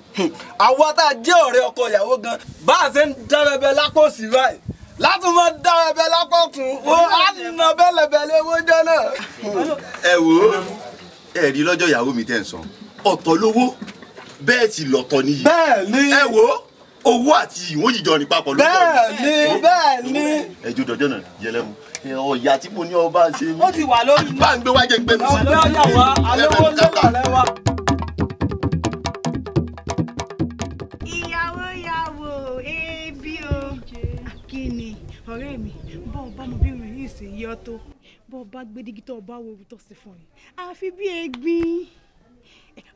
Speaker 2: àwa tá a jẹ́ ọ̀rẹ́ ọkọ ìyàwó gan bá a ṣe ń dábẹ́bẹ́ lápò sí báyìí láti máa dá ẹbẹ lápọ̀kùn ó á nà bẹ́lẹ̀bẹ́lẹ̀ owó jọ
Speaker 4: ẹ wo ẹ rí lọ́jọ́ ìyàwó mi tẹ̀ ń sọ ọ̀tọ̀ lówó bẹ́ẹ̀ sì lọ̀tọ̀ nìyí. bẹ́ẹ̀ ni ẹ wo owó àti ìwọ́n jìjọ ní papọ̀ ló tọ̀ ní. bẹ́ẹ̀ ni bẹ́ẹ̀ ni. ẹjọ́ dọjọ́ náà yẹlẹ mu ọ̀yà tí mo ní ọba ṣe ó ti wà lórí. bá ń gbé wájẹ ń mi. ọ̀gbẹ́ ọ̀yà wa alówó ló wà lẹ́wà.
Speaker 1: ọ̀rẹ́ mi bọ́ ọba ọmọbìnrin yìí ṣe yọ tó bọ́ ọba gbẹdígí tó ọba wo tó ṣe fún yìí àfi bí egbin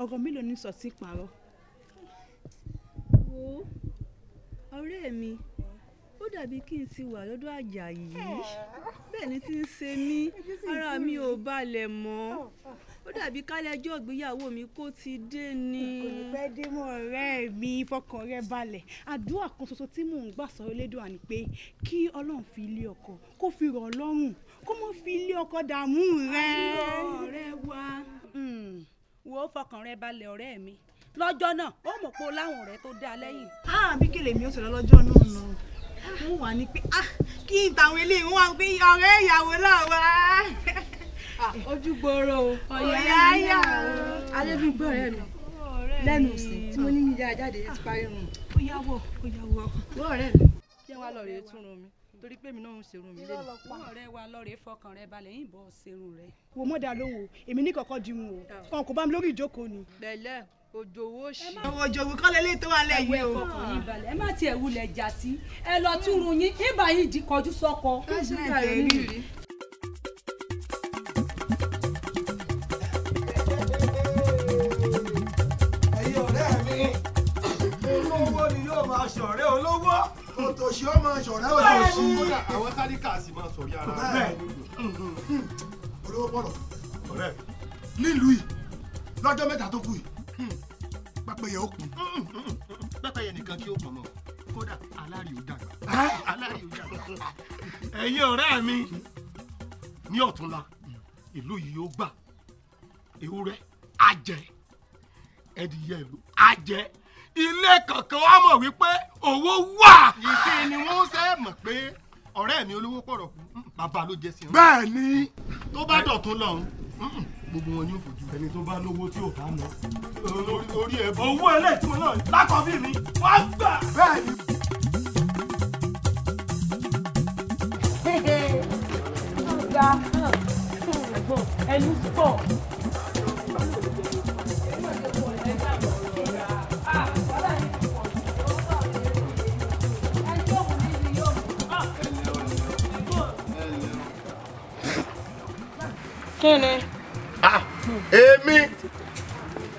Speaker 1: ọ̀rọ̀ mélòó ní sọ̀tì pààrọ̀. wo ọ̀rẹ́ mi ó dàbí kí n ti wà lọ́dọ̀ àjà yìí bẹ́ẹ̀ ni ti ń ṣe mí ara mi ò balẹ̀ mọ́ ó dàbí kálẹ́jọ́ ìgbéyàwó mi kó ti dé ni. kò ní pẹ́ dé mọ́ ọ̀rẹ́ mi fọkàn rẹ balẹ̀ àdúrà kan ṣoṣo tí mò ń gbà sọ̀rọ̀ lédùn àní pé kí ọlọ́run fi ilé ọkọ kó fi rọ̀ lọ́rùn kó mọ́ fi ilé ọkọ dààmú rẹ. ọ̀rẹ́ wa hmm, wo fọkàn rẹ balẹ̀ ọ̀rẹ́ mi lọ́jọ́ náà ó mọ̀ pé o láwọn ọ̀rẹ́ tó dáa lẹ́yìn. bí kèlè mi ó sọ̀rọ̀ lọ́jọ́ náà nù wọ́n wà ní pé ah, kí n tàwọn eléyìí wọ́n wá pé ọ̀rẹ́ ìyàwó làwọn. Ah, ojúgbòòrò ọ̀yáyá adébígbọ́ rẹ̀ mi
Speaker 3: lẹ́nu ọ̀sẹ̀ tí mo ní
Speaker 1: mi yára jáde ti parí rùn. ó yá wọ̀ ó yá wọ̀ wọ́n ọ̀rẹ́ mi kí wọ́n lọ rèé tún rùn mi torí pé mi náà ń serun mi lẹ́nu. wọ́n ọ̀rẹ́ wa lọ́ọ̀rẹ́ fọkàn rẹ balẹ̀ yìí bọ̀ serun rẹ. wo mọ́dà lóhùn èmi ní kọ̀kọ́ di wọn o kàn kó bá mi lórí ìjókòó ni. bẹ̀lẹ̀ òjòwò ṣì. àwọn òjòwò kọ́lé lè tó wà lẹ́yìn o. ẹ wọ ọkàn yín balẹ̀ ẹ má tiẹ̀ wulẹ̀ jà sí ẹ lọ túrun yín ibà yín kọjú sọ́kọ. ẹ ṣe kàrí rí
Speaker 2: máa ṣọ̀rẹ́ olówó. òtòṣì ó máa ṣọ̀rẹ́ òtòṣì. kódà àwọn tálíkà sì
Speaker 4: máa sọ̀rí ara rẹ̀.
Speaker 2: olówó pọ̀rọ̀ ọ̀rẹ́ nílùú yìí lọ́jọ́ mẹ́ta tó kù yìí pẹ́pẹ́yẹ ó kù. pẹ́pẹ́yẹ nìkan kí ó pọ̀ mọ́ kódà aláriwo dàgbà. aláriwo dàgbà. ẹ̀yin ọ̀rẹ́ mi ní ọ̀túnla ìlú yìí ó gbà ewúrẹ́ ajẹ́ ẹ̀dìyẹ ìlú ajẹ́ ilé kankan wa mọ̀ wípé owó wà. ìṣe ni wọ́n ṣe mọ̀ pé ọ̀rẹ́ mi olówó pọ̀rọ̀ kú mm, bàbá ló jẹ sí i. bẹ́ẹ̀ ni.
Speaker 4: tó bá dọ̀tún
Speaker 2: lọ́hùn mm, gbogbo wọn ni yóò fojú. ẹni tó bá lówó tí ò bá mọ. orí ẹ bọ owó ẹlẹ́tìmọ̀ náà lákọ̀ọ́bí mi wọ́n gbà. bẹ́ẹ̀ ni. ẹnu pọ̀. kí ni. èmi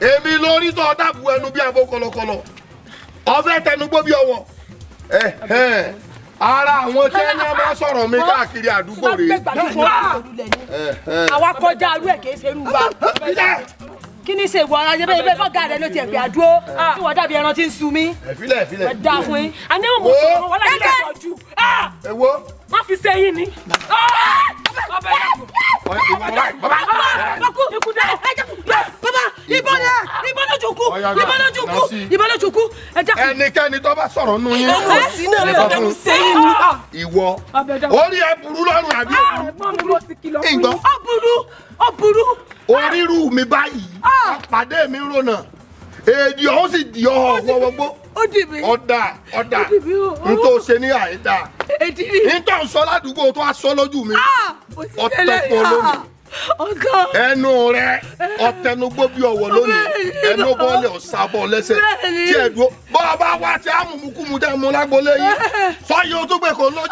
Speaker 2: èmi lórí tó dàbò ẹnu bí abo kọlọkọlọ ọfẹ tẹnugbó bí ọwọ ara àwọn tí ẹni máa sọ̀rọ̀ mi káàkiri àdúgbò rèé. àwa
Speaker 1: kọjá arú ẹ̀ kìí ṣe irú wa. kí ni ṣèwọ ara ṣe bẹ́ẹ̀ kọ́ gàdẹ́ ló ti ẹ̀ pé àdúró tí wọ́n dàbí ẹran tí ń sun mí. ẹ̀fílẹ̀ ẹ̀fílẹ̀. ẹ̀dá fún yín. àníwò
Speaker 2: mo sọ wọn láti ilé má fi ṣe yín ni.
Speaker 1: ìbọn ni ìbọn lójú kú ìbọn lójú kú
Speaker 2: ìbọn lójú kú ẹ jákun. ẹnikẹ́ni tó bá sọ̀rọ̀ nù yín. ìbọn òsì náà lè fẹ́ ṣe yín ni. Ah. ìwọ orí ẹ burú lọ́rùn àbí. Ah, ìgbọ́n ó burú ó burú. orírù mi báyìí ah. pàdé mi rònà èdè ọ̀hún sì di ọ̀hún gbogbogbò. ó dì mí ó dà ó dà n tó ṣe ní àyè dáa èdìrí. nítorí àwọn sọ ládùúgbò tó a sọ lójú mi
Speaker 3: ọ̀tẹ̀ pọ̀ lónìí ẹnu rẹ
Speaker 2: ọtẹnugbó bí ọwọ́ lónìí ẹnu bọlẹ ọsàbọ lẹ́sẹ̀ tí ẹ dúró bọ ọba wa ti amumukumu tẹ mu lágbolé yìí fọyín eh. o tó gbé kó lójú.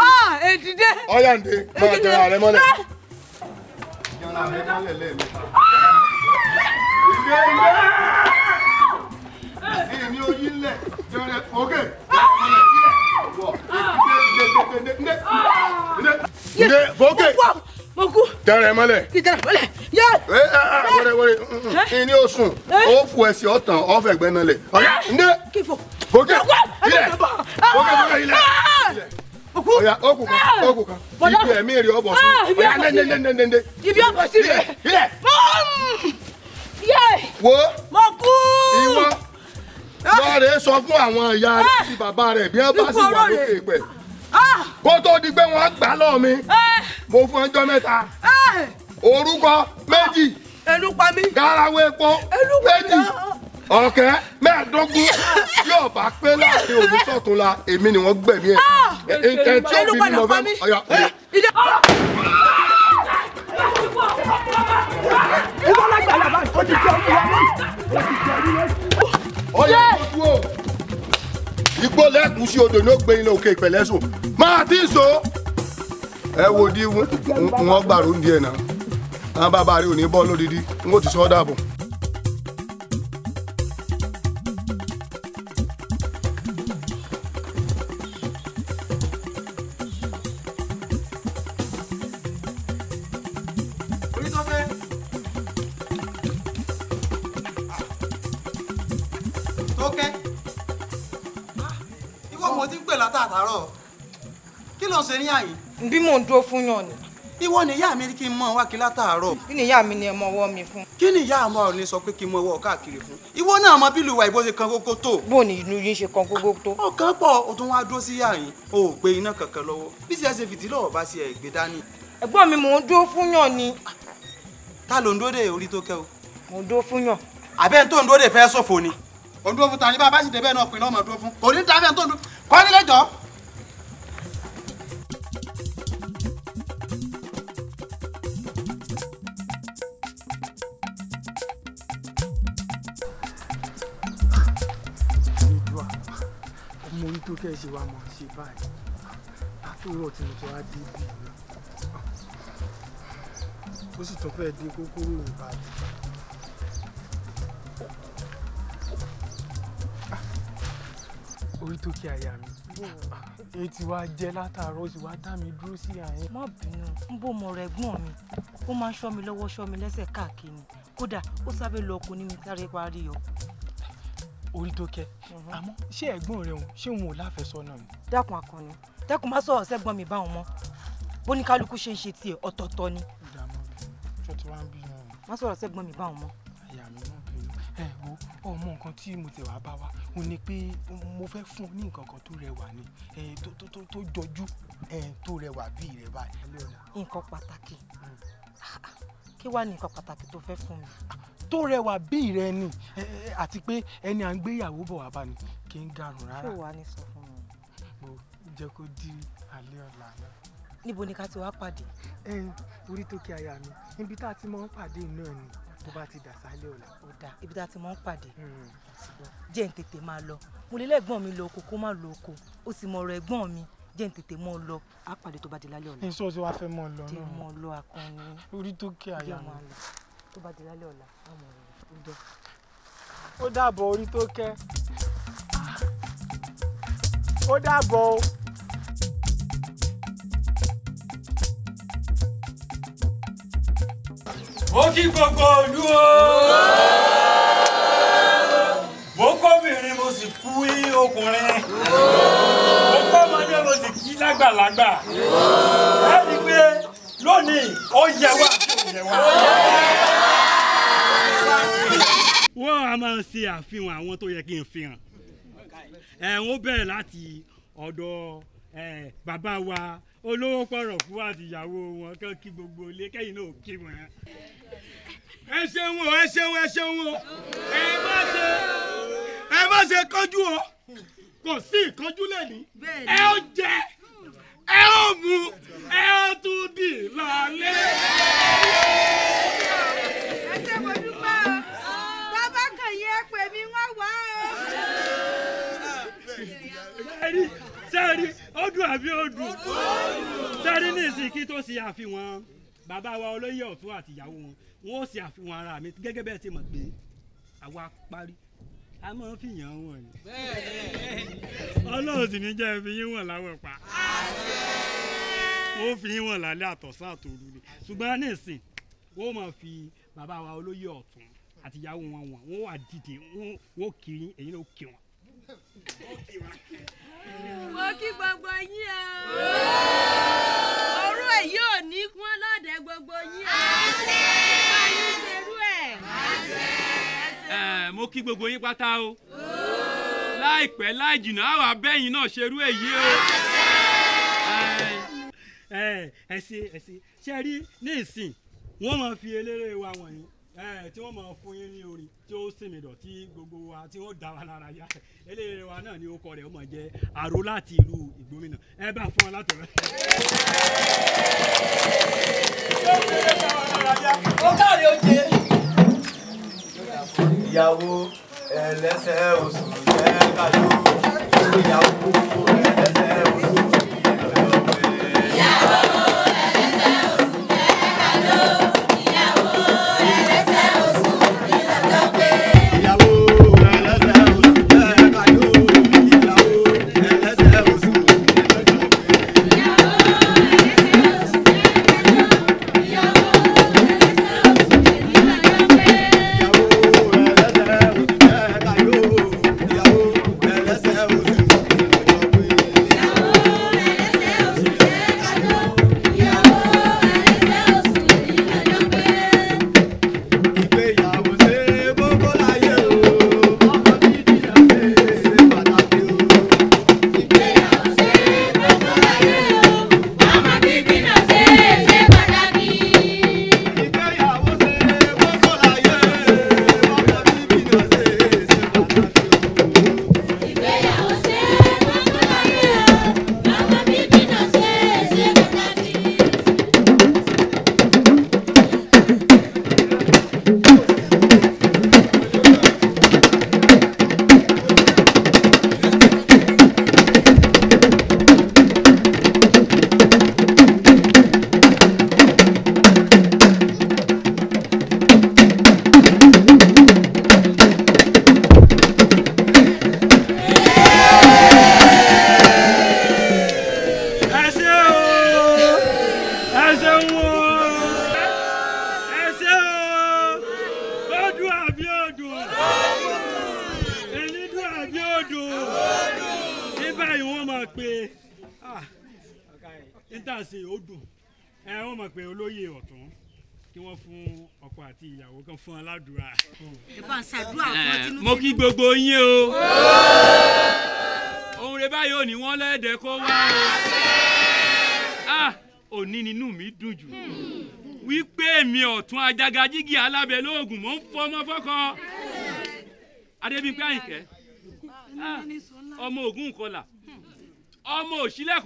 Speaker 2: ọyà ǹdẹ máa jẹ ara rẹ mọ́lẹ̀. Ah! èmi ò yí lẹ̀ jọrẹ òkè ìwọ nde fókè mo kú. tẹrẹ mọ́lẹ̀.
Speaker 1: tẹrẹ mọ́lẹ̀ yé.
Speaker 2: ẹ ẹ wẹrẹ wẹrẹ mm, mm. n ní o sùn o fu ẹsẹ ọtàn ọfẹ gbẹnà lẹ ọyà nde fókè ilẹ̀ fókè fókè ilẹ̀ ọyà okùn kan okùn kan ibi ẹmí rẹ ọbọ sí ọyà ndendendendende. ibi ọbọ sí rẹ ilẹ̀. wo mo kú. ìwọ lọ́ọ̀rẹ́ ah. sọ fún àwọn ìyá rẹ̀ àti bàbá rẹ̀ bí wọ́n bá sì wà lókè pẹ̀. Ah! kó tó di pé wọ́n gbà lọ́ọ̀ mi eh! mo fún ọjọ́ mẹ́ta eh! orúkọ méjì garawo epo méjì ọ̀kẹ́ mẹ́ẹ̀ẹ́dógún yóò bá pé láàrin òní sọ̀tún la èmi ni wọ́n gbẹ̀mí ẹ̀ nǹkan ah! tí ó bí ah! mi lọ fẹ́ ọ̀yà igbó lẹ́kùn sí odò ní ó gbé ilé òkè ìpẹ̀lẹ́ sùn máa ti so. ẹ wo di wọn gbàrú díẹ̀ náà àwọn bàbá rẹ ò ní bọ́ lódìdí wọn ò ti sọ ọ́ dàbọ̀. bí mò ń dúró fún yàn ni. ìwọ ni ìyá mi kí n mọ wá kí látàárọ̀. kí ni
Speaker 1: ìyá mi ni ẹ mọ ọwọ́ mi fún.
Speaker 2: kí ni ìyá àmọ́ ọ̀run sọ pé kí n mọ ọwọ́ káàkiri fún. ìwọ náà mọ bí ìlúwa ìbò ṣe kan gógó tó. bó ni inú yín ṣe kan gógó tó. ọkàn pọ̀ o tún wáá dúró sí yàrá yín o ò gbé iná kankan lọ́wọ́ bí ṣe ṣe fìtílọ̀ ọ̀bá ṣe ẹ̀ gbé dání. ẹ̀gbọ́n mi mò ń dúró fún yàn ni. ta ló ń dúró de orí tó kẹ́ o. mò ń dúró fún yàn. àbẹ́ ń tó ń dúró de fẹ́ sọ̀fọ̀ ni. òun fún ta ni bá a bá sì débẹ̀ náà pin lọ́mọ dúró fún. kò ní ta bẹ́ẹ̀ tó ń dúró kọ́ni lẹ́jọ́
Speaker 5: tó kẹ́ ṣe wá mọ̀
Speaker 2: ṣe báyìí látòrò tí mo ti wá dé bí mi ó sì tún fẹ́ẹ́ dé kókóró mi orí tó kí aya mi èyí tí jẹ látàárọ̀ sì wàá dá mi dúró sí àyẹn. má bínú ń bò mọ rẹ gbọ́n mi
Speaker 1: ó máa ń mi mi ọ
Speaker 2: orí tó kẹ àmọ́ ṣé ẹ̀gbọ́n rẹ òun ṣé òun ò láfẹ́sọ́nà ni.
Speaker 1: dákun akọni dákun má sọ̀rọ̀ sẹ́gbọ́n mi báwọn mọ́ bóníkálukú ṣe ń ṣe tiẹ̀ ọ̀tọ̀ọ̀tọ̀ ni. ìdààmú rẹ ṣé tí wàá ń bí yẹn. má sọ̀rọ̀ sẹ́gbọ́n mi báwọn mọ́.
Speaker 2: àyà mi náà bínú ẹ wo ọmọ nǹkan tí mo ti wá bá wa ó ní pé mo fẹ́ fún ọ ní nǹkan kan tó rẹwà ni tó jọjú tó rẹwà bí rẹ báyìí. nǹkan pàtàkì hmm.
Speaker 1: ah, ah, kí wàá ní nǹkan pàtàkì tó fẹ́ fún mi. Ah,
Speaker 2: tó rẹwà bí rẹ ni àti pé ẹni à ń gbéyàwó bọ̀ wá bá ni kì í garùn rárá. ṣé wàá ní sọ fún mi. mo jẹ kó di alẹ́ ọ̀la náà.
Speaker 1: níbo ni ká ti wá pàdé. orí tó kí aya mi níbi tá a ti máa ń pàdé náà ni tó bá ti dà sálẹ̀ ọ̀la. ó dáa ibi tá a ti máa ń pàdé. jẹ́ ń tètè máa lọ mo lè lẹ́gbọ́n mi lọ oko kó má lọ oko ó sì mọ ọ̀rọ̀ ẹ̀gbọ́n mi jẹ́ n tètè mọ́ lọ á tó bá di lálẹ́ ọ̀la. ní sọ́ọ̀sì wàá fẹ́ mọ́ lọ náà. jẹ́ mọ́ lọ akọni. orí tó kí àyà mi. jẹ́ mọ́ tó bá di lálẹ́ ọ̀la
Speaker 2: ó dàbọ̀ orí tó kẹ́ ó dàbọ̀ o. mo kí gbogbo ìlú o mo kọ́bìnrin mo sì kú ọkùnrin mo kọ́ ọmọdé mo sì kí lágbàlagbà ẹ rí i pé lónìí ó yẹ wá
Speaker 3: ó yẹ wá. wọ́n a
Speaker 2: máa ṣe àfihàn àwọn tó yẹ kí n fihàn ẹ̀ ń bẹ̀rẹ̀ láti ọ̀dọ̀ bàbá wa olówó pọ̀rọ̀ fún àtìyàwó wọn kán kí gbogbo ilé kẹ́yìn náà kí wọn. ẹ ṣeun o ẹ ṣeun ẹ ṣeun o
Speaker 3: ẹ má ṣe ẹ má ṣe kánjú
Speaker 2: o kò sí ìkánjú lẹ́ni
Speaker 3: ẹ ó jẹ ẹ ó mu ẹ ó tún dì lálẹ́. ẹ ṣe mo
Speaker 1: dúpẹ́ pè mí wọ́n wá o.
Speaker 3: sẹ́ẹ̀rí
Speaker 2: sẹ́ẹ̀rí ó dùn àbí ó dùn sẹ́ẹ̀rí ní ìsìnkí tó ṣe àfihàn bàbá wa olóyè ọ̀tún àti ìyàwó wọn wọn ó ṣe àfihàn ara mi gẹ́gẹ́ bẹ́ẹ̀ ti mọ̀ pé àwa parí a máa ń fìyàn wọn ni. ọlọ́run sì ní jẹ́ fi yín wọ̀n láwọ̀ pa ó fi yín wọ̀n lálẹ́ àtọ̀sán àtòru ni ṣùgbọ́n nísìn wọ́n máa fi bàbá wa olóyè ọ̀tún àtìyàwó wọn wọn wọn wà dìde wọn kì í èyí ló kì wọn.
Speaker 3: mo kí gbogbo yín o ọ̀rọ̀ ẹ̀ yóò
Speaker 1: ní kún lọ́dẹ gbogbo
Speaker 3: yín o bá yín ṣerú ẹ̀.
Speaker 2: mo kí gbogbo yín pátá o láìpẹ́ láì jìnnà àwọn abẹ́yìn náà ṣerú èyí o. ẹ ẹ ṣe ẹ ṣe ṣe rí ní ìsìn wọn máa fi eléré wa wọ̀nyí tí wọ́n máa fún yín ní orin tí ó sinmi dọ̀tí gbogbo wa tí wọ́n dá wa lára yá eléyìí wa náà ni ó kọ rẹ̀ ó máa jẹ́ àró láti ìlú ìgbómìnà ẹ bá fún wa látọ̀rọ̀. ó káre oje. ìyàwó ẹlẹ́sẹ̀ oṣù jẹ́ kájú ìyàwó ẹlẹ́sẹ̀ oṣù.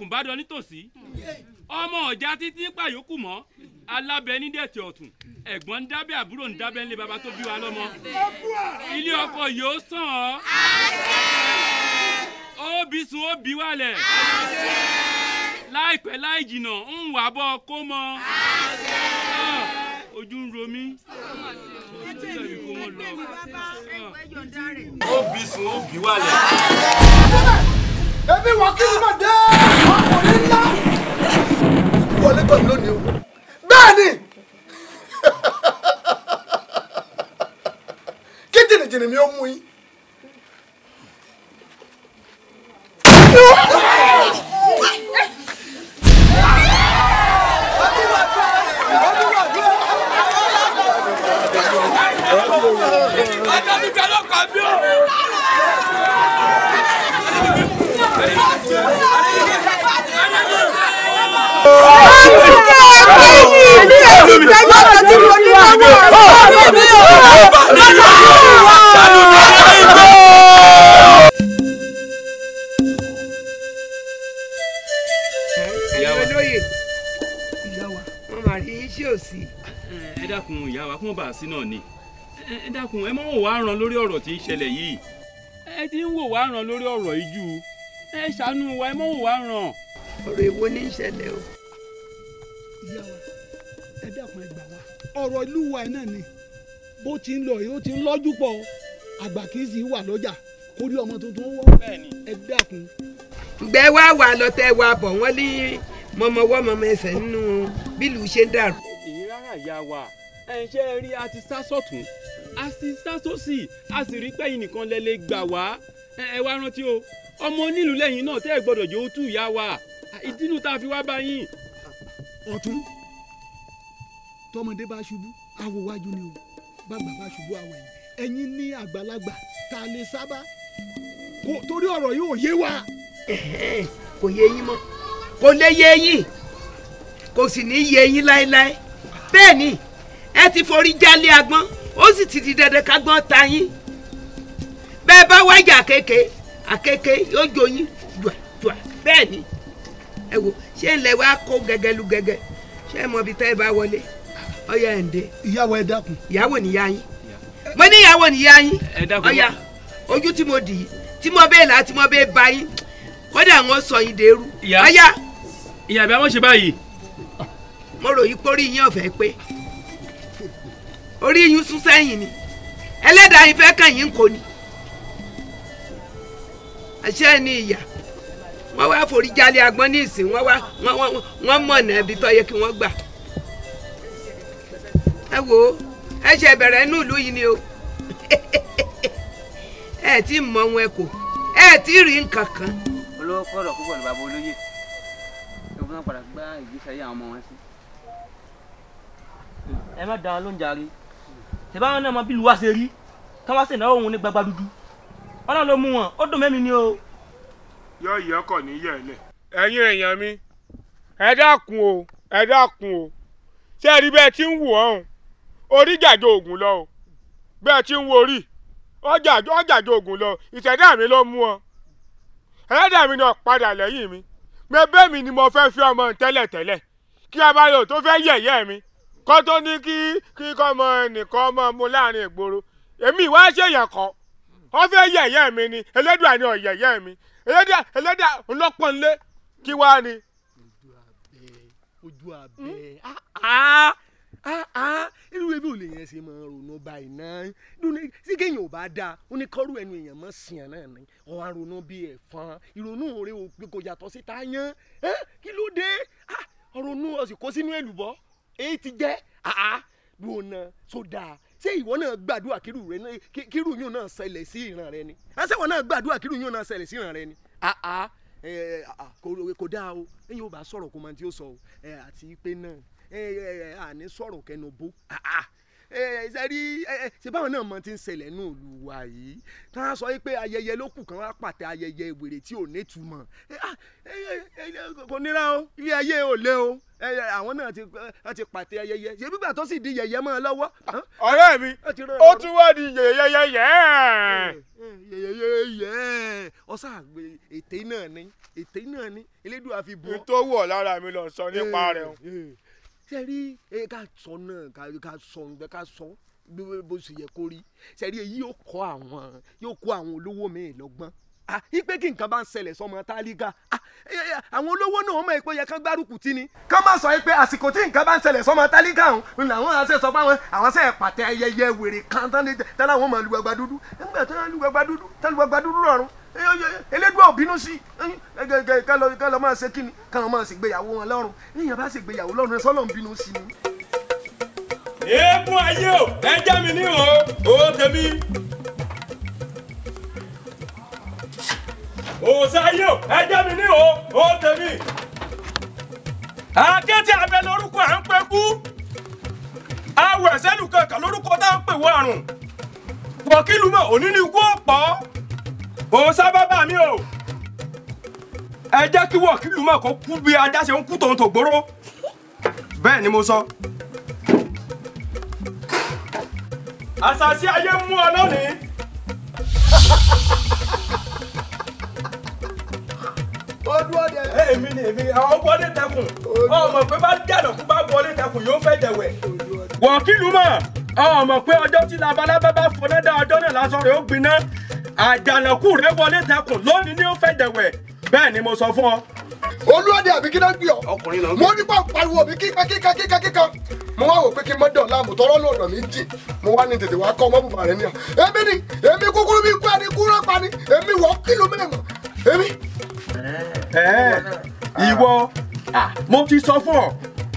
Speaker 2: àgùnbádọ nítòsí ọmọ ọjà títí ń pàyókù mọ́ alábẹ nídẹ̀tẹ̀ ọ̀tún ẹ̀gbọ́n ń dábẹ́ àbúrò ń dábẹ́ ńlẹ̀ baba tó bí wa lọ́mọ ilé ọkọ yóò sàn ọ́ óbí sun óbí wálẹ̀ láìpẹ́ láì jìnnà ń wà bọ́ kó mọ́ ah, ojú ń ro mí óbí sun óbí wálẹ̀. Ah! ẹbí wà kí ni mà dé ọkùnrin ńlá
Speaker 3: wọlé tọ̀ lónìí o bẹ́ẹ̀ ni
Speaker 2: kí jìnnìjìnnì mi ó mú yín. ṣẹlẹ̀ yìí. ẹ ti ń wò wá ràn lórí ọ̀rọ̀ yìí jù ẹ ṣàánú wa ẹ mọ̀ wò wá ràn. ọ̀rọ̀ èwo ní í ṣẹlẹ̀ o.
Speaker 3: ìyá wa ẹ dákun
Speaker 2: ẹ gbà wá ọ̀rọ̀ ìlú wa náà ni bó ti ń lọ yìí ó ti ń lọ́jú pọ̀ àgbà kì í sì wà lọ́jà kó rí ọmọ tuntun wọ́ ẹ dákun. gbẹ wá wà lọtẹ wa bọ̀ wọ́n ní mọmọwọ́ mọmọ ẹsẹ̀ nínú bílù ṣe ń dàrú. èyí rárá wa ẹ̀ṣẹ́ rí a ti sá sọ̀tún a ti sá sósì a sì rí pẹ́yìn nìkan lẹ lè gbà wá ẹ wá rántí o ọmọ onílùú lẹ́yìn náà tẹ́ ẹ gbọ́dọ̀ jẹ́ ó tú ìyá wa ìdínú tá a fi wá bá yín. ọ̀tún tọmọdé bá ṣubú awo wájú ni o bàgbà bá ṣubú awo ẹ̀yìn ẹ̀yìn ní àgbàlagbà tá a lè sábà torí ọ̀rọ̀ yìí ò yé wa. kò yé yín mọ́ kò lè yé yín kò sì ní yé yín láéláé bẹ́ẹ̀ ni ẹ ti forí jálé agbọ́n ó sì ti di dandan kágbọ́n ta yín bẹ́ẹ̀ bá wájà àkekèé àkekèé yóò jó yín jùà jùà bẹ́ẹ̀ ni ẹ wò ṣé ń lẹ wá kó gẹ́gẹ́ lu gẹ́gẹ́ ṣé ẹ mọ ibi tẹ́ ẹ bá wọlé ọyà ẹ̀ ń dé. ìyàwó ẹ dákun. ìyàwó nìyá yín mo ní ìyàwó nìyá yín ọyà ojú tí mo dì í tí mo bẹ́ẹ̀ là tí mo bẹ́ẹ̀ bá yín kódà wọn sọ yín dèrú ọyà. ìyàbí àwọn ṣe báyìí. mo rò yí pórí yín ọ̀fẹ́ pé. orí yín sún sẹ́yìn ni ẹlẹ́dàá yín fẹ́ kàn yín kò ní àṣẹ ni ìyà wọ́n wá forí
Speaker 1: jálẹ̀ agbọ́n ní ìsìn wọ́n wá wọ́n mọ̀nà ibi tó yẹ kí wọ́n gbà ẹ wo ẹ ṣe bẹ̀rẹ̀ inú ìlú yìí ni o ẹ tí ì mọ wọn kò ẹ tí ì rí nǹkan kan.
Speaker 2: olówó púpọ̀ ní bàbá olóyè náà padà gbá ìgbésẹ̀ yìí àwọn ọmọ wọn sí. ẹ má wọn lóúnjẹ àárín. tẹ̀bá wọn náà mọ bílù wá ṣe rí kí wọ́n ṣe ìnáwó òun ní gbagba dúdú wọn náà ló mú wọn ó dùn mẹ́mi ni o. yọ ìyọkọ ní yẹlẹ. ẹ̀yin èèyàn mi ẹ dákun o ẹ dákun o ṣé ẹ rí bẹ́ẹ̀ tí ń wù ọ́n orí jàjọ ògùn lọ o bẹ́ẹ̀ tí ń wo orí ọjàjọ ògùn lọ ìṣẹ̀dá mi ló mú ọ ẹlẹ́dàá mi náà padà lẹ́yìn mi mẹ́bẹ́ mi ni mo fẹ́ fi ọmọ tẹ́lẹ̀tẹ́lẹ̀ kí abayọ̀ tó fẹ́ yẹ̀yẹ́ mi kọ́ tó ní kí kí kọ́ mọ ẹnìkan mọ́ mu láàrin ìgboro èmi ìwà ṣèyàn kọ́ wọ́n fẹ́ yẹ̀yẹ́ mi ni Elédùà ni ọ̀yẹ̀yẹ́ mi Elédùà Elédùà ńlọ́pọ̀nlé kí wá ni. ojú abẹ hmm? ah, ah, ah, irú ebi ò lè yẹn ṣe máa ronú báyìí náà sí kéèyàn ò bá dáa ó ní kọ́rù ẹnu èèyàn mọ́ sí ẹ̀ náà ni ọ̀hún aronú bíi ẹ̀fọn ìrònú rẹ̀ ò pé kò yàtọ̀ síta yán kí ló dé ọ̀rọ̀ nù ọ̀sìn kó sínú èlùbọ́ èyí ti jẹ́ àá lóò na tó dáa ṣé ìwọ náà gbàdúrà kírù rẹ kírù yóò náà ṣẹlẹ̀ sí ìran rẹ ni àṣẹwọ náà gbàdúrà kírù yóò náà ṣẹlẹ̀ sí ìran rẹ ni àá kò dáa o ẹ̀yin ò bá sọ̀rọ̀ kó máa ti ó sọ o àti pé náà àní sọ̀rọ̀ kẹnu bó àá sẹ́rí ṣe báwọn náà mọ ti ń ṣẹlẹ̀ ní ìlú wa yìí tí wọ́n sọ pé ayẹyẹ ló kù kan wá pàtẹ ayẹyẹ ìwèrè tí ò nítumọ̀ ah, kò nira o ilé ayé ò lé o àwọn náà ti pàtẹ ayẹyẹ ṣe gbígbà tó sì di yẹyẹ mọ́ ọ lọ́wọ́. ọ̀rẹ́ mi ó tún wá di yẹyẹyẹyẹ. yẹyẹyẹyẹ ọ̀sán àgbè ètè náà ni ètè náà ni elédùn àfi bọ́. ètò wọ̀ lára mi lọ sọ nípa rẹ̀ o ṣe rí ká sọ náà ká sọ ǹgbẹ́ ká sọ bó ṣe yẹ kó rí ṣe rí èyí yóò kọ́ àwọn yóò kó àwọn olówó mi lọ́gbọ́n ah ipe kí nǹkan bá ń ṣẹlẹ̀ sọmọ tálíkà ah àwọn olówó náà mọ̀ pé yẹ kán gbárùkù tì ní. kán má sọ pé àsìkò tí nǹkan bá ń ṣẹlẹ̀ sọmọ tálíkà ọ̀hún làwọn àṣẹ sọ fáwọn àwọn àṣẹ pàtẹ ayẹyẹ wèrè kan tán láwọn máa lu agbadúdú nígbà tí wọ́n lu agbadúdú tán lu agbadúdú rọrùn elédùn òbínú sí kálọ máa ṣe kíni kálọ máa ṣègbéyàwó wọn lọ́rùn níyàn bá ṣègbéyàwó lọ́rùn ẹ sọ́lọ́ ń bínú sí ni. èèmù ayé o ẹ jẹ́ mi ní o o tèmi. òòsà ayé o ẹ jẹ́ mi ní o o tèmi. àkété abẹ lórúkọ à ń pẹ́ kú awọ ẹsẹ nìkan kà lórúkọ tá à ń pè wọ àrùn pọkìlùmọ òní ni ikú ọ̀pọ̀ òòsà bàbá mi o ẹ jẹ́ kí wọ̀kìlù mọ̀ kó kú bí adáṣe ń kú tòun tògbóró bẹ́ẹ̀ ni mo sọ. àṣàṣì ayé mú ọ lónìí. ọdún ọdẹ. èmi ni èmi àwọn wọlé tẹkùn ọmọ pé bá jàdọ̀kú bá wọlé tẹkùn yóò fẹ́ jẹ̀wẹ̀. wọ̀kìlù mọ̀ ọmọ pé ọjọ́ tí labalábá bá fọnẹ́dá ọjọ́ náà lásán rẹ̀ ó gbiná àjànàkú rẹ wọlé takùn lónìí ni ó fẹ́ dẹ̀wẹ̀ bẹ́ẹ̀ ni mo sọ fún ọ. olúwàdí àbí kí náà gbé ọ mo nípa pariwo mi kíka kíka kíka kíka mo wá wò pé kí n mọ dàn láàmú tọrọ lọ́dọ̀ mi jì mo wá ní tètè wá kọ ọmọ bùbá rẹ ní à èmi ni èmi kúkúrú mi kú ẹni kúrọ pa ni èmi wọ kìlómítà èmi. ẹ ẹ ìwọ mo ti sọ fún ọ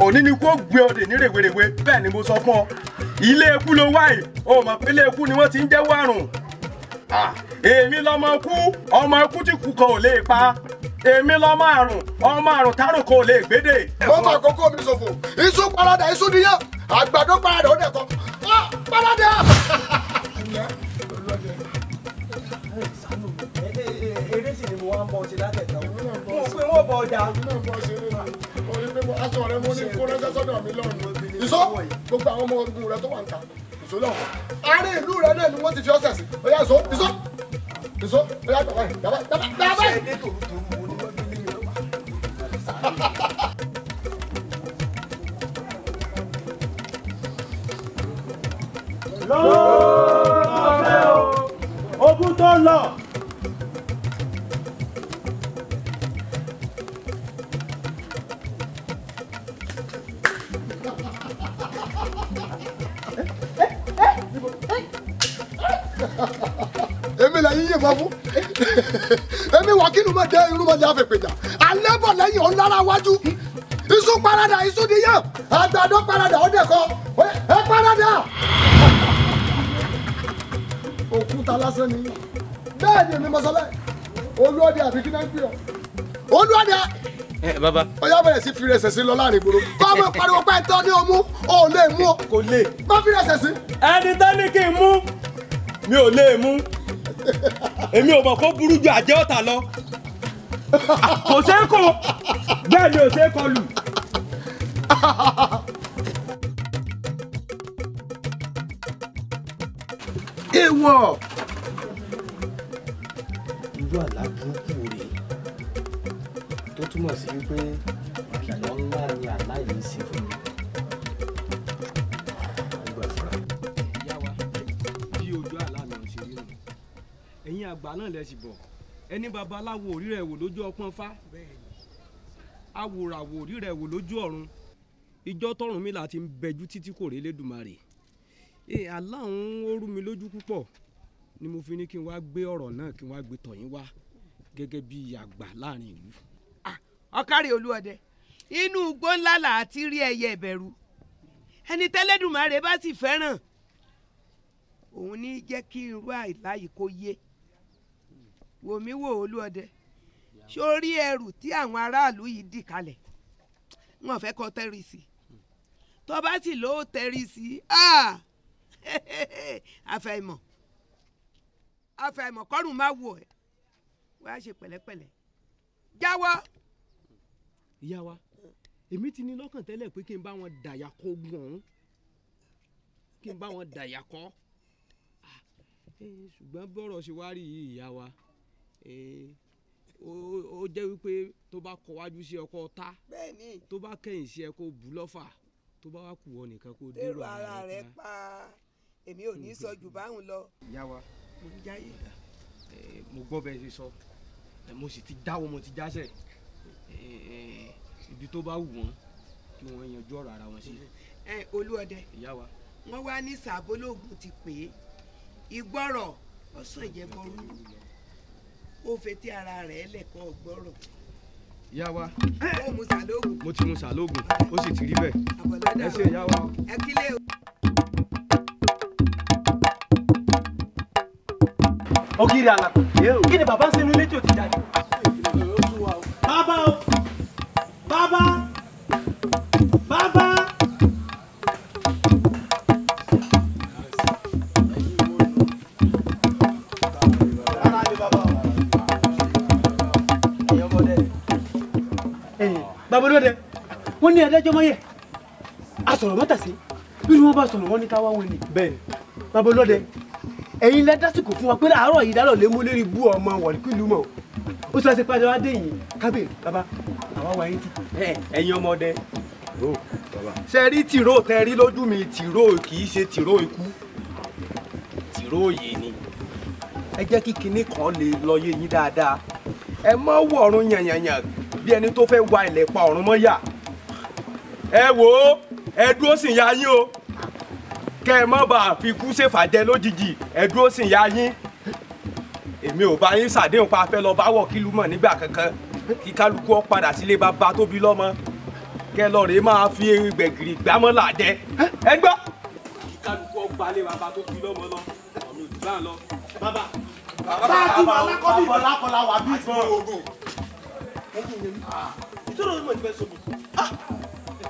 Speaker 2: òní ni kò gbé ọdẹ ní rèwerèwe bẹ́ẹ̀ ni mo sọ fún ọ ilé eku ló wáyé o mọ̀ pé ilé eku ni wọ́n ti ń jẹ́wọ́ àrùn. Ah, èmi lọmọ kú ọmọ kú tí kú kan ò lè pa èmi lọmọ àrùn ọmọ àrùn tárùn kan ò lè gbédè. ó mọ àkókò mi ṣòfò iṣu parada iṣu níyà àgbàdo parada ó dẹ̀ kọ́ ah, parada. eré sì ni mo wá ń bọ ọtí látẹ̀tọ̀ mo pé wọ́n bọ ọjà. aṣọ rẹ mo ní kó lọ́jọ́ sọ́dọ̀ mi lọ́rùn ìṣó gbogbo àwọn ọmọ ogun rẹ tó wà ń ta ìṣòlò Are you rẹ náà ni wọ́n ti fi ọ̀sẹ̀ sí ó yá ìṣó ìṣó ìṣó ó yá dàbáyé dàbáyé dàbáyé. lọ́ọ́ ọ̀fẹ́ o ogún tó gbọ́ fún èmi wàkìlù mọ̀ dé irú mọ̀jà fèpèjà alẹ́ bọ̀ lẹ́yìn ọ̀n lára wájú iṣu parada iṣu di yá àgbàdo parada ọ̀dẹ̀ kọ ẹ parada.
Speaker 1: òkúta lásán
Speaker 2: ni bẹ́ẹ̀ ni èmi mọ̀ sọ bẹ́ẹ̀ olóde àbí kí náà ń pè ọ́ olóde ẹ bàbá. ó yá bẹ̀rẹ̀ sí fìrẹ̀ ṣẹ̀ṣẹ̀ lọ láàrin ìgboro. kọ́ ọmọ pariwo pé ẹ̀tọ́ ní òmu ò lè mú o. kò lè. má fìrẹ̀ ṣẹ̀ṣẹ̀. ẹni tó ní kí mú mi ò lè mú èmi ò mọ̀ kó burú ju àjẹ́ ọ̀tà lọ kò ṣeé kó bẹ́ẹ̀ ni ò ṣeé kọ lù. èèwọ̀ irú àlá burúkú rèé tó túmọ̀ sí wípé ìyá ńlá ni àlá yìí ṣe fún ẹ̀yin àgbà náà lẹ sì bọ̀ ẹni babaláwo orí rẹ̀ wò lójú ọpọ́n fá awòràwò orí rẹ̀ wò lójú ọ̀run ìjọ tọrùn mi láti ń bẹjú títí kò rélé dùmarè ee aláwọn ó rú mi lójú púpọ̀ ni mo fi ní kí n wá gbé ọ̀rọ̀ náà kí n wá gbé tọ̀yìn wá gẹ́gẹ́ bí àgbà láàrin ìlú. ọ̀kárí olúọdẹ inú igbó ńlá là á ti rí ẹyẹ ìbẹ̀rù ẹni tẹ́lẹ̀dùmarè bá sì fẹ́ràn òun ní jẹ́ kí irú àìláyìí kó yé wòmí wò olúọdẹ sórí ẹrù tí àwọn aráàlú yìí dì kalẹ̀ wọn fẹ́ kọ tẹ́rì sí tó bá sì ló tẹ́rì sí ah! àfàìmọ̀ àfàìmọ̀ kọ́rùn má wò ẹ́ wàá ṣe pẹ̀lẹ́pẹ̀lẹ́ jáwọ́. ìyá wa èmi ti ní lọ́kàn tẹ́lẹ̀ pé kí n bá wọn dàyà kó gbọ̀n kí n bá wọn dàyà kọ́ ah, eh, ṣùgbọ́n bọ́rọ̀ ṣe wá rí ìyá wa ó eh, jẹ́ wípé tó bá kọ wájú sí ọkọ ta tó bá kẹ̀yìn sí ẹ kó bù lọ́fà tó bá wá kù wọ nìkan kó dérò ara rẹ pa èmi ò ní sọ jù báwọn lọ. ìyá wa mo ń jáyè dá mo gbọ́ bẹ́ẹ̀ ṣe sọ eh, mo sì ti dáwọ́ mo ti jáṣẹ̀ eh, ibi tó bá wù wọ́n kí wọ́n yanjú ọ̀rọ̀ ara wọn sí. ẹ olúọdẹ ìyá wa wọ́n wá ní sàbólógún ti pè é ìgbọ́rọ̀ ọ̀sán ìjẹ́bọrú ó fetí ara rẹ̀ lẹ́kọ̀ọ́ gbọ́rọ̀. yá wa mo ti mu sàlóògùn ó sì ti rí bẹ́ẹ̀ ẹ ṣe yá wa. o. ògiri àlàkùn kí ni bàbá ń ṣe nílé jáde. ní adájọ́ máyẹ̀ asọ̀rọ̀ mọ́tàsí bí wọ́n bá sọ̀rọ̀ wọ́n ní káwá wọn ni. bẹ́ẹ̀ni bàbá ọlọ́dẹ ẹ̀yin lẹ́dásìkò fún wa pé àárọ̀ yìí dálọ̀ lé mú lérí bú ọmọ wọ̀lùkìlú mọ̀ ó sọ àti padà wá dé yìí kábíyè bàbá àwa wà yín tì. ẹ̀yin ọmọdé ró bàbá. ṣe rí tìró tẹ rí lójú mi tìró kì í ṣe tìró ikú tìró yìí ni ẹ jẹ́ kí kinní kan lè lọ yé yín dáadáa ẹ má wọ̀ọ̀rùn yànyànyàn bí ẹni tó fẹ́ wa ilẹ̀ pa ọ̀run mọ́ yà ẹ wo ẹ dúró sì ya yín o kẹ ẹ mọ́ bá a fi kú ṣèfàjẹ lójijì ẹ dúró sì ya yín èmi ò bá yín ṣàdéhùn pa fẹ́ lọ bá wọ̀ kílù mọ̀ nígbà kankan kí kálukú ọ padà sílé bàbá tó bí lọ́mọ kẹ lọ rèé máa fi gbẹ̀gìrì gbámọ́ làjẹ ẹ gbọ́ kí kálukú ọ gbalé bàbá tó bí lọ́mọ lọ ọ̀mì òdìbà lọ bàbá. bàbá tí mo lákọ́ bí ìbọ̀lákọ́lá wà bí ìbọn ogun. ìṣòro ni mo ti fẹ́ sọ mi.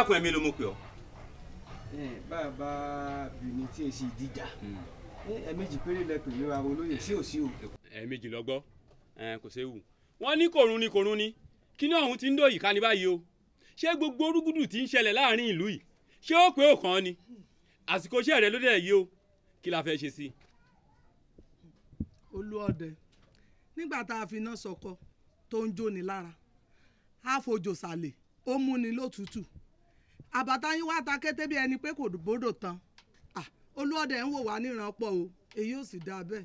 Speaker 2: dákun ẹ̀mí ló mú pé ọ. bàbá bìnní tí èsì ìdíjà hmm. ẹ̀ẹ̀mejì péré lẹ́pẹ̀ ìlú àwọn olóyè sí òsì o. ẹ̀ẹ̀mejì lọ́gbọ́ kò séwu wọ́n ní kòrun ni kòrun ni kí ni ọ̀hún ti ń dòyìí ká ní báyìí o ṣé gbogbo orúgúdù ti ń ṣẹlẹ̀ láàrin ìlú yìí ṣé ó pé òkan ni àsìkò iṣẹ́ rẹ ló dẹ̀ yìí o kí la fẹ́ ṣe sí i. olú ọdẹ nígbà tá a fi iná sọkọ tó ń jóni lára a fojò sàlẹ̀ ó múni lótùútù àbàtà yín wá ta kété bí ẹni pé kò bódò tán olúọdẹ ń wò wá níran pọ̀ o èyí ò sì dáa bẹ́ẹ̀.